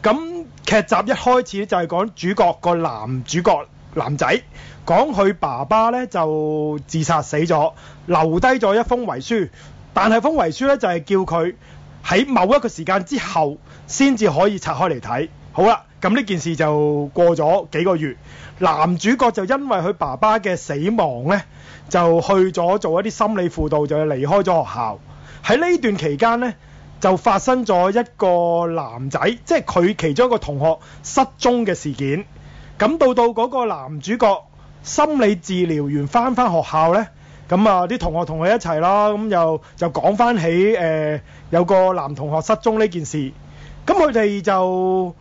[SPEAKER 1] 咁劇集一開始就係講主角個男主角。男仔講佢爸爸呢就自殺死咗，留低咗一封遺書，但係封遺書呢，就係叫佢喺某一個時間之後先至可以拆開嚟睇。好啦，咁，嗯，呢件事就過咗幾個月，男主角就因為佢爸爸嘅死亡呢，就去咗做一啲心理輔導，就離開咗學校。喺呢段期間呢，就發生咗一個男仔，即係佢其中一個同學失蹤嘅事件。咁到到嗰個男主角心理治療員，翻返學校呢，咁啊啲同學同佢一齊啦，咁又就講翻起誒、呃、有個男同學失蹤呢件事，咁佢哋就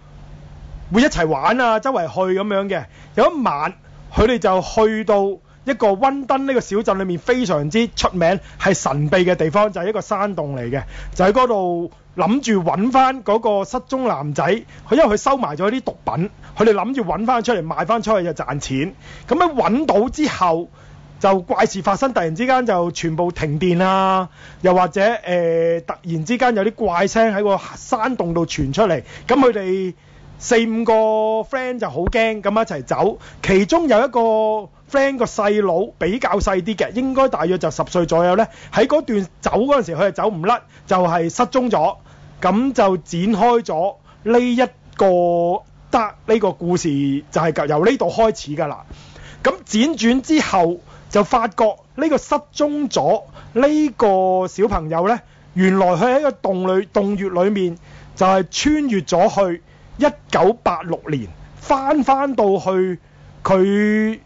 [SPEAKER 1] 會一齊玩啊，周圍去咁樣嘅。有一晚，佢哋就去到一個溫登呢個小鎮裏面非常之出名、係神秘嘅地方，就係、是、一個山洞嚟嘅，就喺嗰度，諗住揾翻嗰個失蹤男仔，佢因為佢收埋咗啲毒品，佢哋諗住揾翻出嚟賣翻出去就賺錢。咁樣揾到之後，就怪事發生，突然之間就全部停電啊！又或者誒、呃，突然之間有啲怪聲喺個山洞度傳出嚟，咁佢哋，四五個 friend 就好驚咁一齊走，其中有一個 friend 個細佬比較細啲嘅，應該大約就十歲左右呢，喺嗰段走嗰陣時，佢就走唔甩，就係、係、失蹤咗。咁就展開咗呢一個得呢、呢個故事，就係由呢度開始噶啦。咁輾轉之後，就發覺呢個失蹤咗呢、呢個小朋友呢，原來佢喺一個洞裏洞穴裏面就係穿越咗去。一九八六年翻翻到去佢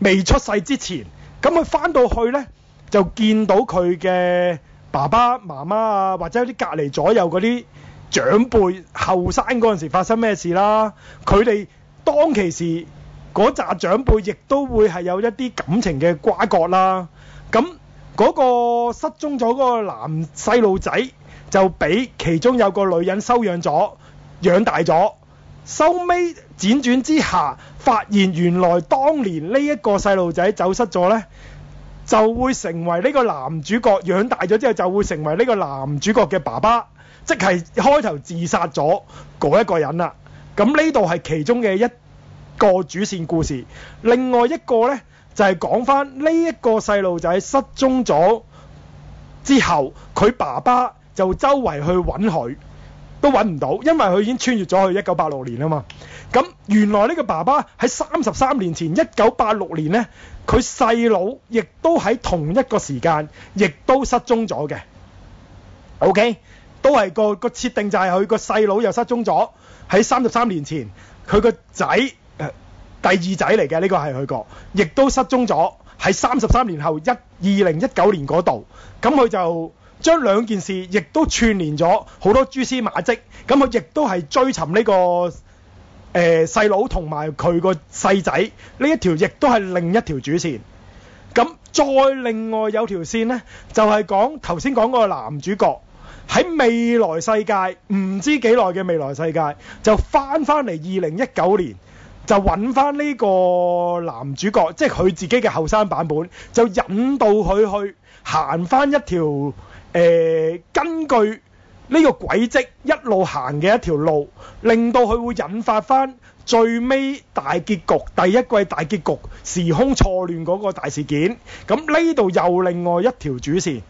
[SPEAKER 1] 未出世之前，咁佢翻到去呢，就見到佢嘅爸爸媽媽啊，或者啲隔離左右嗰啲長輩後生嗰陣時發生咩事啦。佢哋當其時嗰紮長輩亦都會係有一啲感情嘅瓜葛啦。咁、那、嗰個失蹤咗嗰個男細路仔就俾其中有個女人收養咗。養大咗，收尾輾轉之下，發現原來當年呢一個細路仔走失咗呢，就會成為呢個男主角，養大咗之後就會成為呢個男主角嘅爸爸，即係開頭自殺咗嗰一個人啦。咁呢度係其中嘅一個主線故事，另外一個呢，就係講翻呢一個細路仔失蹤咗之後，佢爸爸就周圍去揾佢。都揾唔到，因為佢已經穿越咗去一九八六年啊嘛。咁、嗯、原來呢個爸爸喺三十三年前，一九八六年呢，佢細佬亦都喺同一個時間，亦都失蹤咗嘅。OK，都係個個設定就係佢個細佬又失蹤咗喺三十三年前，佢個仔第二仔嚟嘅呢個係佢個，亦都失蹤咗喺三十三年後一二零一九年嗰度，咁、嗯、佢就。將兩件事亦都串連咗好多蛛絲馬跡，咁佢亦都係追尋呢個誒細佬同埋佢個細仔呢一條，亦都係另一條主線。咁再另外有條線呢，就係講頭先講嗰個男主角喺未來世界，唔知幾耐嘅未來世界，就翻翻嚟二零一九年，就揾翻呢個男主角，即係佢自己嘅後生版本，就引導佢去行翻一條。呃、根據呢個軌跡一路行嘅一條路，令到佢會引發翻最尾大結局，第一季大結局時空錯亂嗰個大事件。咁呢度又另外一條主線，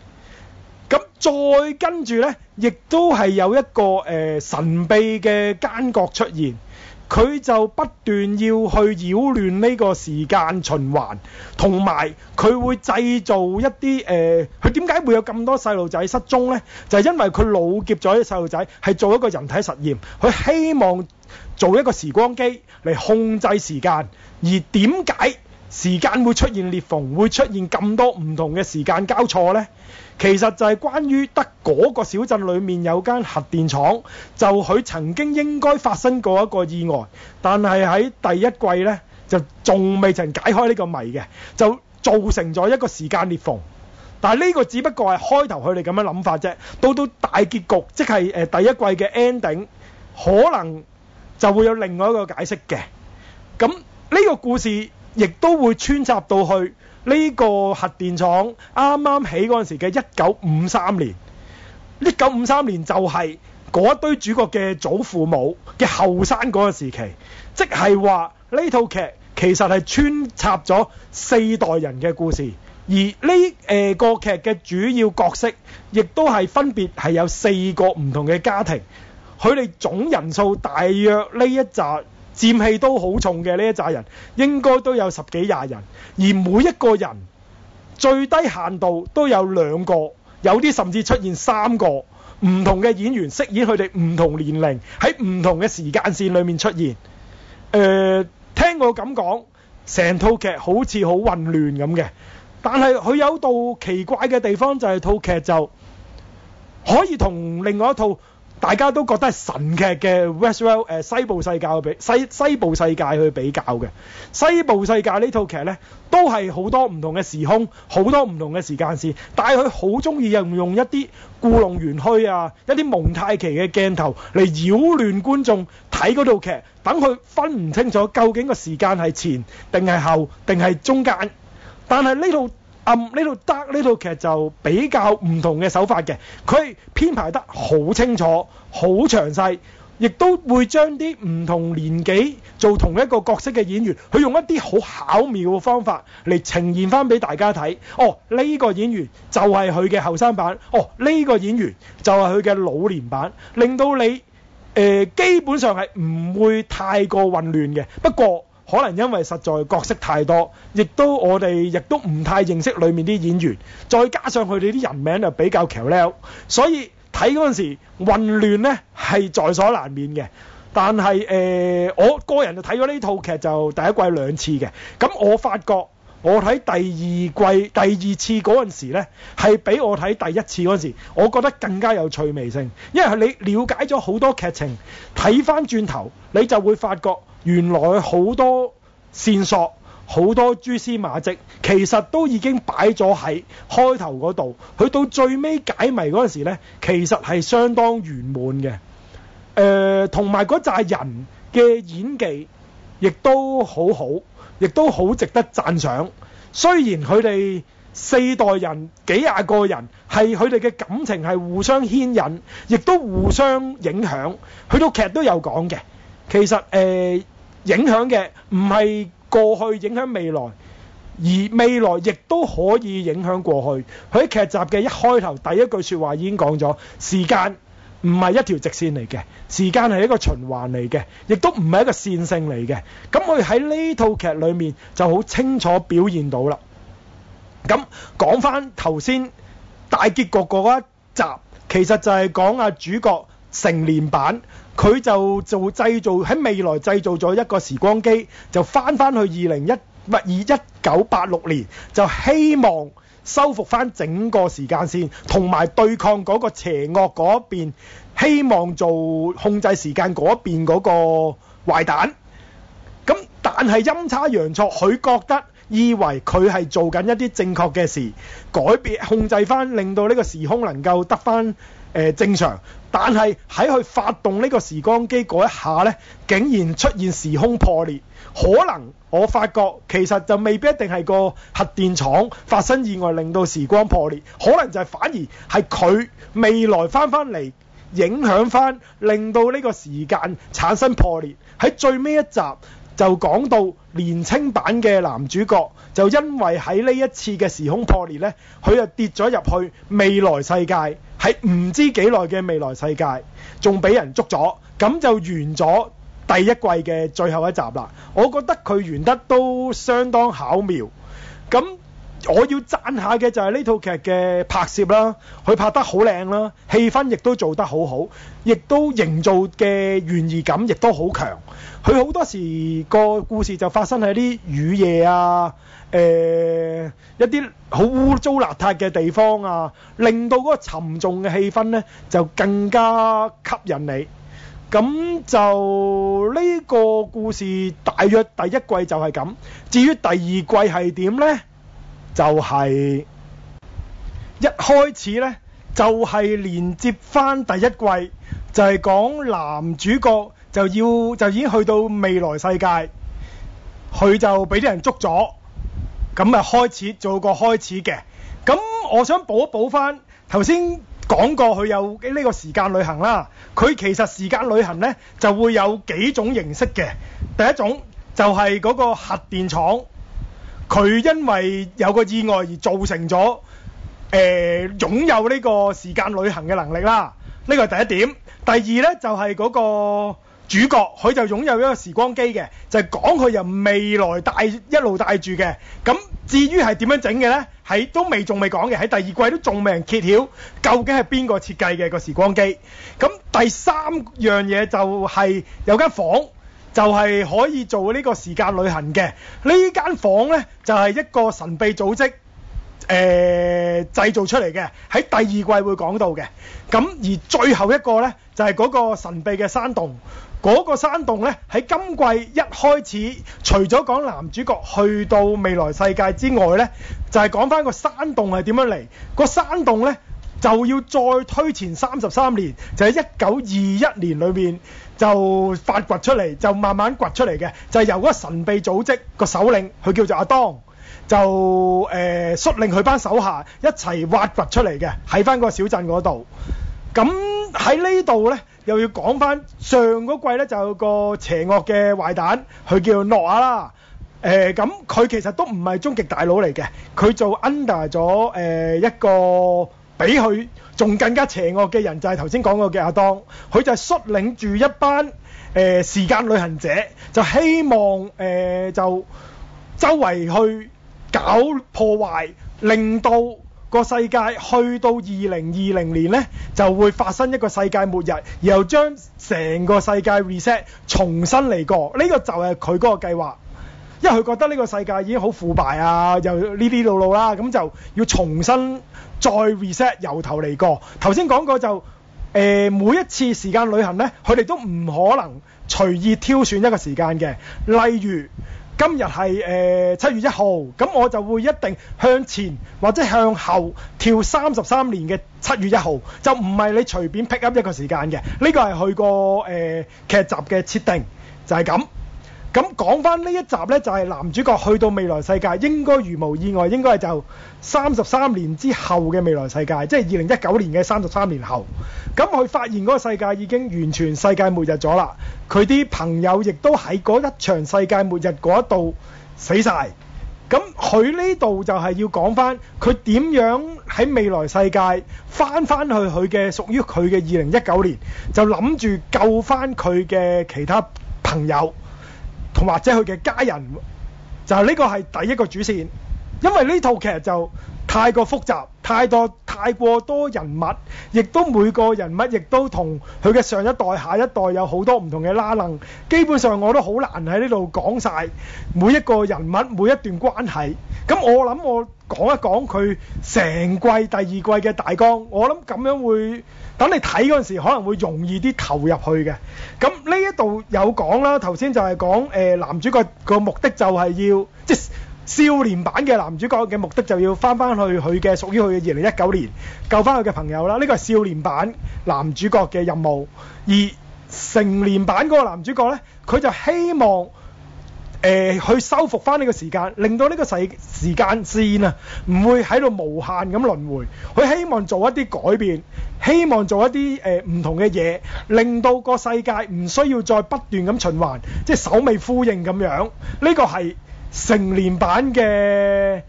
[SPEAKER 1] 咁再跟住呢，亦都係有一個誒、呃、神秘嘅奸角出現。佢就不斷要去擾亂呢個時間循環，同埋佢會製造一啲誒，佢點解會有咁多細路仔失蹤呢？就係、是、因為佢老劫咗啲細路仔，係做一個人體實驗，佢希望做一個時光機嚟控制時間。而點解時間會出現裂縫，會出現咁多唔同嘅時間交錯呢？其實就係關於得嗰個小鎮裏面有間核電廠，就佢曾經應該發生過一個意外，但係喺第一季呢，就仲未曾解開呢個謎嘅，就造成咗一個時間裂縫。但係呢個只不過係開頭佢哋咁樣諗法啫，到到大結局，即係誒第一季嘅 ending，可能就會有另外一個解釋嘅。咁呢個故事亦都會穿插到去。呢個核電廠啱啱起嗰陣時嘅一九五三年，一九五三年就係嗰堆主角嘅祖父母嘅後生嗰個時期，即係話呢套劇其實係穿插咗四代人嘅故事，而呢、這、誒個劇嘅、呃、主要角色，亦都係分別係有四個唔同嘅家庭，佢哋總人數大約呢一集。佔氣都好重嘅呢一紮人，應該都有十幾廿人，而每一個人最低限度都有兩個，有啲甚至出現三個，唔同嘅演員飾演佢哋唔同年齡喺唔同嘅時間線裡面出現。誒，聽我咁講，成套劇好似好混亂咁嘅，但係佢有度奇怪嘅地方就係套劇就可以同另外一套。大家都覺得係神劇嘅《West World》，呃西部世界，比西西部世界去比較嘅西部世界呢套劇呢，都係好多唔同嘅時空，好多唔同嘅時間線，但係佢好中意用用一啲故弄玄虛啊，一啲蒙太奇嘅鏡頭嚟擾亂觀眾睇嗰套劇，等佢分唔清楚究竟個時間係前定係後定係中間。但係呢套暗呢、嗯、套其實呢套劇就比較唔同嘅手法嘅，佢編排得好清楚、好詳細，亦都會將啲唔同年紀做同一個角色嘅演員，佢用一啲好巧妙嘅方法嚟呈現翻俾大家睇。哦，呢個演員就係佢嘅後生版；哦，呢個演員就係佢嘅老年版，令到你、呃、基本上係唔會太過混亂嘅。不過，可能因為實在角色太多，亦都我哋亦都唔太認識裏面啲演員，再加上佢哋啲人名就比較長，所以睇嗰陣時混亂咧，係在所難免嘅。但係誒、呃、我個人就睇咗呢套劇就第一季兩次嘅。咁我發覺我睇第二季第二次嗰陣時咧，係比我睇第一次嗰陣時，我覺得更加有趣味性，因為你了解咗好多劇情，睇翻轉頭，你就會發覺。原來好多線索，好多蛛絲馬跡，其實都已經擺咗喺開頭嗰度。佢到最尾解謎嗰陣時呢，其實係相當圓滿嘅。誒、呃，同埋嗰扎人嘅演技亦都好好，亦都好值得讚賞。雖然佢哋四代人幾廿個人，係佢哋嘅感情係互相牽引，亦都互相影響。佢套劇都有講嘅，其實誒、呃影響嘅唔係過去影響未來，而未來亦都可以影響過去。佢喺劇集嘅一開頭第一句説話已經講咗，時間唔係一條直線嚟嘅，時間係一個循環嚟嘅，亦都唔係一個線性嚟嘅。咁佢喺呢套劇裡面就好清楚表現到啦。咁講翻頭先大結局嗰一集，其實就係講啊主角。成年版佢就做製造喺未來製造咗一個時光機，就翻翻去二零一唔係二一九八六年，就希望修復翻整個時間線，同埋對抗嗰個邪惡嗰邊，希望做控制時間嗰邊嗰個壞蛋。咁但係陰差陽錯，佢覺得以為，佢係做緊一啲正確嘅事，改變控制翻，令到呢個時空能夠得翻。呃，正常，但係喺佢發動呢個時光機嗰一下呢，竟然出現時空破裂。可能我發覺其實就未必一定係個核電廠發生意外令到時光破裂，可能就係反而係佢未來翻返嚟影響翻，令到呢個時間產生破裂。喺最尾一集就講到年青版嘅男主角就因為喺呢一次嘅時空破裂呢，佢就跌咗入去未來世界。喺唔知幾耐嘅未來世界，仲俾人捉咗，咁就完咗第一季嘅最後一集啦。我覺得佢完得都相當巧妙，咁。我要讚下嘅就係呢套劇嘅拍攝啦，佢拍得好靚啦，氣氛亦都做得好好，亦都營造嘅懸疑感亦都好強。佢好多時個故事就發生喺啲雨夜啊，誒、呃、一啲好污糟邋遢嘅地方啊，令到嗰個沉重嘅氣氛呢就更加吸引你。咁就呢個故事大約第一季就係咁，至於第二季係點呢？就係一開始呢，就係、是、連接翻第一季，就係、是、講男主角就要就已經去到未來世界，佢就俾啲人捉咗，咁啊開始做個開始嘅。咁我想補一補翻頭先講過佢有呢個時間旅行啦。佢其實時間旅行呢，就會有幾種形式嘅。第一種就係、是、嗰個核電廠。佢因為有個意外而造成咗，誒擁有呢個時間旅行嘅能力啦。呢個係第一點。第二呢就係嗰個主角，佢就擁有一個時光機嘅，就係講佢由未來帶一路帶住嘅。咁至於係點樣整嘅呢，係都未仲未講嘅，喺第二季都仲未人揭曉，究竟係邊個設計嘅個時光機。咁第三樣嘢就係有間房。就係可以做呢個時間旅行嘅呢間房呢，就係、是、一個神秘組織誒製、呃、造出嚟嘅，喺第二季會講到嘅。咁而最後一個呢，就係、是、嗰個神秘嘅山洞。嗰、那個山洞呢，喺今季一開始，除咗講男主角去到未來世界之外呢，就係講翻個山洞係點樣嚟。嗰個山洞呢。就要再推前三十三年，就喺一九二一年裏面就發掘出嚟，就慢慢掘出嚟嘅，就係由嗰個神秘組織個首領，佢叫做阿當，就誒率領佢班手下一齊挖掘出嚟嘅，喺翻嗰個小鎮嗰度。咁喺呢度呢，又要講翻上嗰季呢，就有個邪惡嘅壞蛋，佢叫諾亞啦。誒咁佢其實都唔係終極大佬嚟嘅，佢做 under 咗誒一個。俾佢仲更加邪惡嘅人就係頭先講過嘅阿當，佢就係率領住一班誒、呃、時間旅行者，就希望誒、呃、就周圍去搞破壞，令到個世界去到二零二零年咧就會發生一個世界末日，然後將成個世界 reset 重新嚟過呢、這個就係佢個計劃。因為佢覺得呢個世界已經好腐敗啊，又呢啲路路啦，咁就要重新再 reset 由頭嚟過。頭先講過就誒、呃，每一次時間旅行呢，佢哋都唔可能隨意挑選一個時間嘅。例如今日係誒七月一號，咁我就會一定向前或者向後跳三十三年嘅七月一號，就唔係你隨便 pick up 一個時間嘅。呢、呢個係佢個誒劇集嘅設定，就係、是、咁。咁講翻呢一集呢，就係、是、男主角去到未來世界，應該如無意外，應該係就三十三年之後嘅未來世界，即係二零一九年嘅三十三年後。咁、嗯、佢發現嗰個世界已經完全世界末日咗啦，佢啲朋友亦都喺嗰一場世界末日嗰度死晒。咁佢呢度就係要講翻佢點樣喺未來世界翻翻去佢嘅屬於佢嘅二零一九年，就諗住救翻佢嘅其他朋友。同或者佢嘅家人，就係呢個係第一個主線。因為呢套劇就。太過複雜，太多太過多人物，亦都每個人物亦都同佢嘅上一代、下一代有好多唔同嘅拉楞。基本上我都好難喺呢度講晒每一個人物每一段關係。咁我諗我講一講佢成季第二季嘅大綱，我諗咁樣會等你睇嗰陣時可能會容易啲投入去嘅。咁呢一度有講啦，頭先就係講誒男主角個目的就係要即。少年版嘅男主角嘅目的就要翻返去佢嘅屬於佢嘅二零一九年救翻佢嘅朋友啦，呢個係少年版男主角嘅任務，而成年版嗰個男主角咧，佢就希望誒、呃、去修復翻呢個時間，令到呢個世時間線啊唔會喺度無限咁輪迴，佢希望做一啲改變，希望做一啲誒唔同嘅嘢，令到個世界唔需要再不斷咁循環，即係首尾呼應咁樣，呢個係。成年版嘅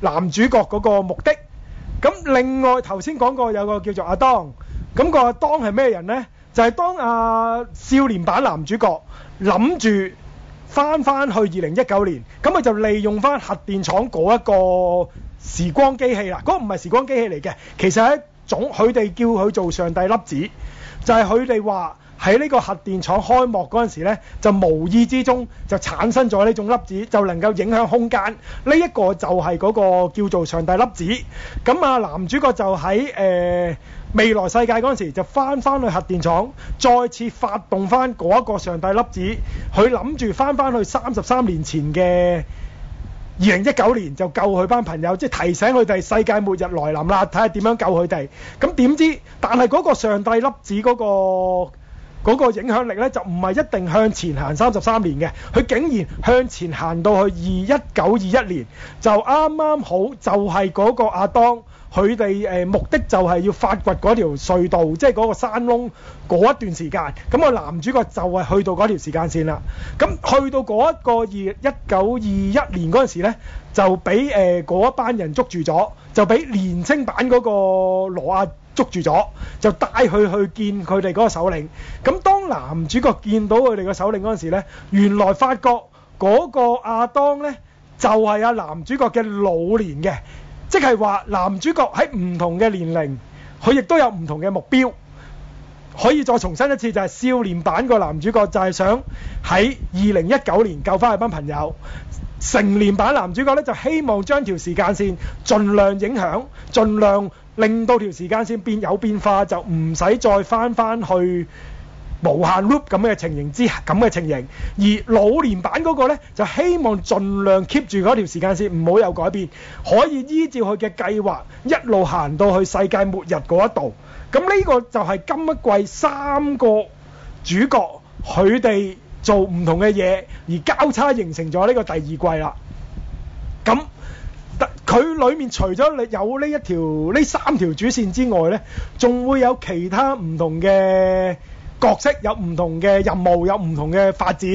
[SPEAKER 1] 男主角嗰個目的，咁另外頭先講過有個叫做阿當，咁個阿當係咩人咧？就係當阿少年版男主角諗住翻翻去二零一九年，咁佢就利用翻核電廠嗰一個時光機器啦。嗰個唔係時光機器嚟嘅，其實係一種佢哋叫佢做上帝粒子，就係佢哋話。喺呢個核電廠開幕嗰陣時咧，就無意之中就產生咗呢種粒子，就能夠影響空間。呢、這、一個就係嗰個叫做上帝粒子。咁、嗯、啊，男主角就喺誒、呃、未來世界嗰陣時，就翻翻去核電廠，再次發動翻嗰一個上帝粒子。佢諗住翻翻去三十三年前嘅二零一九年，就救佢班朋友，即係提醒佢哋世界末日來臨啦，睇下點樣救佢哋。咁、嗯、點知，但係嗰個上帝粒子嗰、那個。嗰個影響力呢，就唔係一定向前行三十三年嘅，佢竟然向前行到去二一九二一年，就啱啱好就係嗰個阿當佢哋誒，目的就係要發掘嗰條隧道，即係嗰個山窿嗰一段時間。咁個男主角就係去到嗰條時間線啦。咁去到嗰一個二一九二一年嗰陣時呢，就俾誒嗰一班人捉住咗，就俾年青版嗰個羅亞捉住咗，就帶佢去見佢哋嗰個首領。咁當男主角見到佢哋個首領嗰陣時呢，原來發覺嗰個亞當呢就係阿男主角嘅老年嘅，即係話男主角喺唔同嘅年齡，佢亦都有唔同嘅目標。可以再重申一次，就係少年版個男主角就係想喺二零一九年救返佢班朋友。成年版男主角咧就希望將條時間線盡量影響，盡量令到條時間線變有變化，就唔使再返返去無限 loop 咁嘅情形之下咁嘅情形。而老年版嗰個呢，就希望盡量 keep 住嗰條時間線，唔好有改變，可以依照佢嘅計劃一路行到去世界末日嗰一度。咁呢個就係今一季三個主角佢哋，做唔同嘅嘢，而交叉形成咗呢個第二季啦。咁佢裏面除咗有呢一條、呢三條主線之外呢，呢仲會有其他唔同嘅角色，有唔同嘅任務，有唔同嘅發展。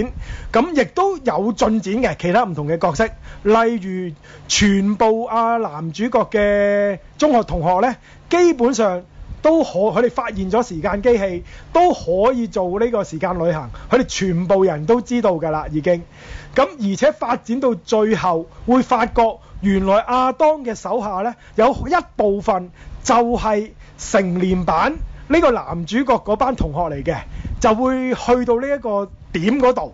[SPEAKER 1] 咁亦都有進展嘅其他唔同嘅角色，例如全部阿、啊、男主角嘅中學同學呢，基本上。都可，佢哋發現咗時間機器，都可以做呢個時間旅行。佢哋全部人都知道噶啦，已經，咁而且發展到最後會發覺原來阿當嘅手下咧，有一部分就係成年版呢個男主角嗰班同學嚟嘅，就會去到呢一個點嗰度。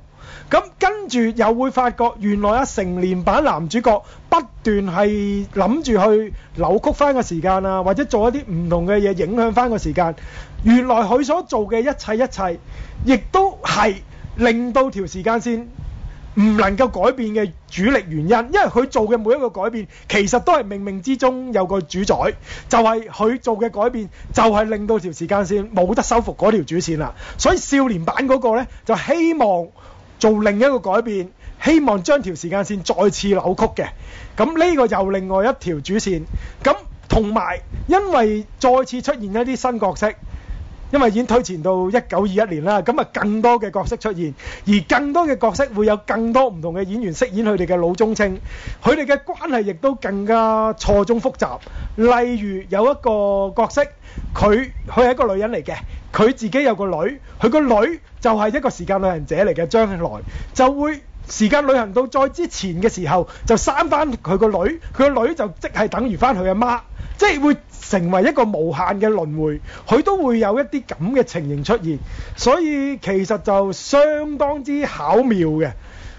[SPEAKER 1] 咁跟住又會發覺，原來阿成年版男主角不斷係諗住去扭曲翻個時間啊，或者做一啲唔同嘅嘢影響翻個時間。原來佢所做嘅一切一切，亦都係令到條時間線唔能夠改變嘅主力原因。因為佢做嘅每一個改變，其實都係冥冥之中有個主宰，就係佢做嘅改變，就係令到條時間線冇得收復嗰條主線啦。所以少年版嗰個呢，就希望，做另一個改變，希望將條時間線再次扭曲嘅，咁呢個又另外一條主線，咁同埋因為再次出現一啲新角色。因為已經推前到一九二一年啦，咁啊更多嘅角色出現，而更多嘅角色會有更多唔同嘅演員飾演佢哋嘅老中青，佢哋嘅關係亦都更加錯綜複雜。例如有一個角色，佢佢係一個女人嚟嘅，佢自己有個女，佢個女就係一個時間旅行者嚟嘅，將來就會，時間旅行到再之前嘅時候，就生翻佢個女，佢個女就即係等於翻佢阿媽，即係會成為一個無限嘅輪迴，佢都會有一啲咁嘅情形出現，所以其實就相當之巧妙嘅。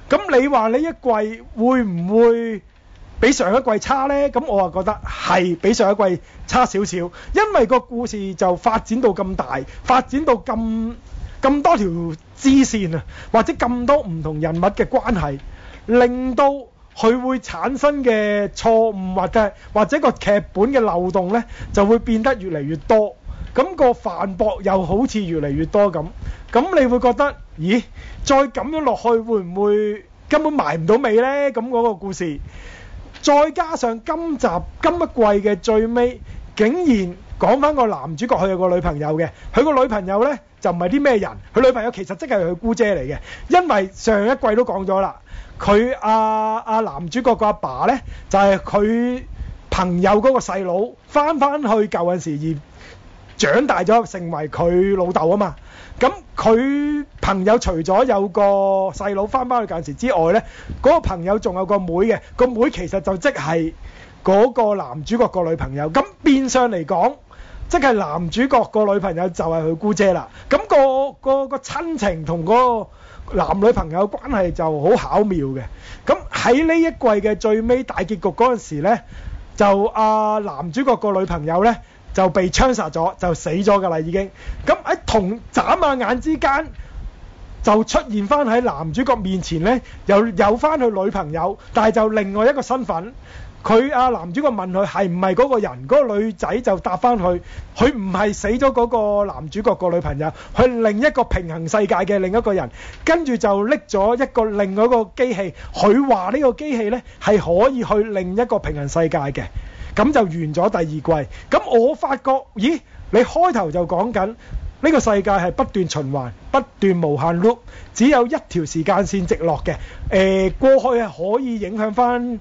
[SPEAKER 1] 咁你話呢一季會唔會比上一季差呢？咁我又覺得係比上一季差少少，因為個故事就發展到咁大，發展到咁。咁多條支線啊，或者咁多唔同人物嘅關係，令到佢會產生嘅錯誤或者或者個劇本嘅漏洞呢，就會變得越嚟越多。咁個繁駁又好似越嚟越多咁，咁你會覺得，咦？再咁樣落去，會唔會根本埋唔到尾呢？咁嗰個故事，再加上今集今一季嘅最尾，竟然～講翻個男主角佢有個女朋友嘅，佢個女朋友呢，就唔係啲咩人，佢女朋友其實即係佢姑姐嚟嘅，因為上一季都講咗啦，佢阿阿男主角個阿爸呢，就係佢朋友嗰個細佬翻翻去舊陣時而長大咗成為佢老豆啊嘛，咁佢朋友除咗有個細佬翻翻去舊陣時之外呢，嗰個朋友仲有個妹嘅，個妹其實就即係。嗰個男主角個女朋友，咁變相嚟講，即係男主角個女朋友就係佢姑姐啦。咁、那個個個親情同嗰個男女朋友關係就好巧妙嘅。咁喺呢一季嘅最尾大結局嗰陣時呢，就阿、啊、男主角個女朋友呢就被槍殺咗，就死咗㗎啦已經了了。咁喺同眨下眼之間，就出現翻喺男主角面前呢，又有翻佢女朋友，但係就另外一個身份。佢啊男主角問佢係唔係嗰個人，嗰、嗰個女仔就答翻佢，佢唔係死咗嗰個男主角個女朋友，去另一個平行世界嘅另一個人，跟住就拎咗一個另外一個機器，佢話呢個機器咧係可以去另一個平行世界嘅，咁就完咗第二季。咁我發覺咦？你開頭就講緊呢、呢個世界係不斷循環不斷無限碌，只有一條時間線直落嘅，誒、呃、過去係可以影響翻。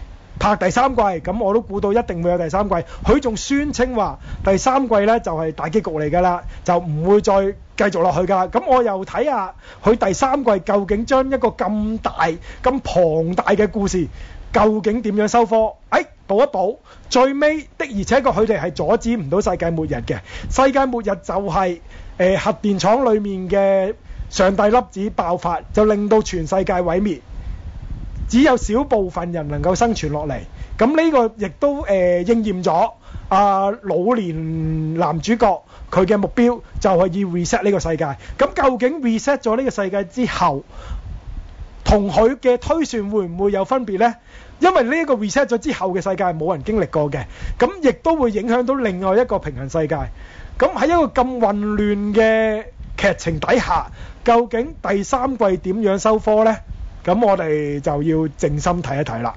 [SPEAKER 1] 拍第三季，咁我都估到一定會有第三季。佢仲宣稱話第三季呢就係大結局嚟㗎啦，就唔會再繼續落去㗎。咁我又睇下佢第三季究竟將一個咁大、咁龐大嘅故事究竟點樣收科？誒，補一補，最尾的，而且確佢哋係阻止唔到世界末日嘅。世界末日就係呃核電廠裡面嘅上帝粒子爆發，就令到全世界毀滅。只有少部分人能夠生存落嚟，咁呢個亦都誒、呃、應驗咗。阿、呃、老年男主角佢嘅目標就係要 reset 呢個世界。咁究竟 reset 咗呢個世界之後，同佢嘅推算會唔會有分別呢？因為呢一個 reset 咗之後嘅世界冇人經歷過嘅，咁亦都會影響到另外一個平行世界。咁喺一個咁混亂嘅劇情底下，究竟第三季點樣收科呢？咁我哋就要靜心睇一睇啦。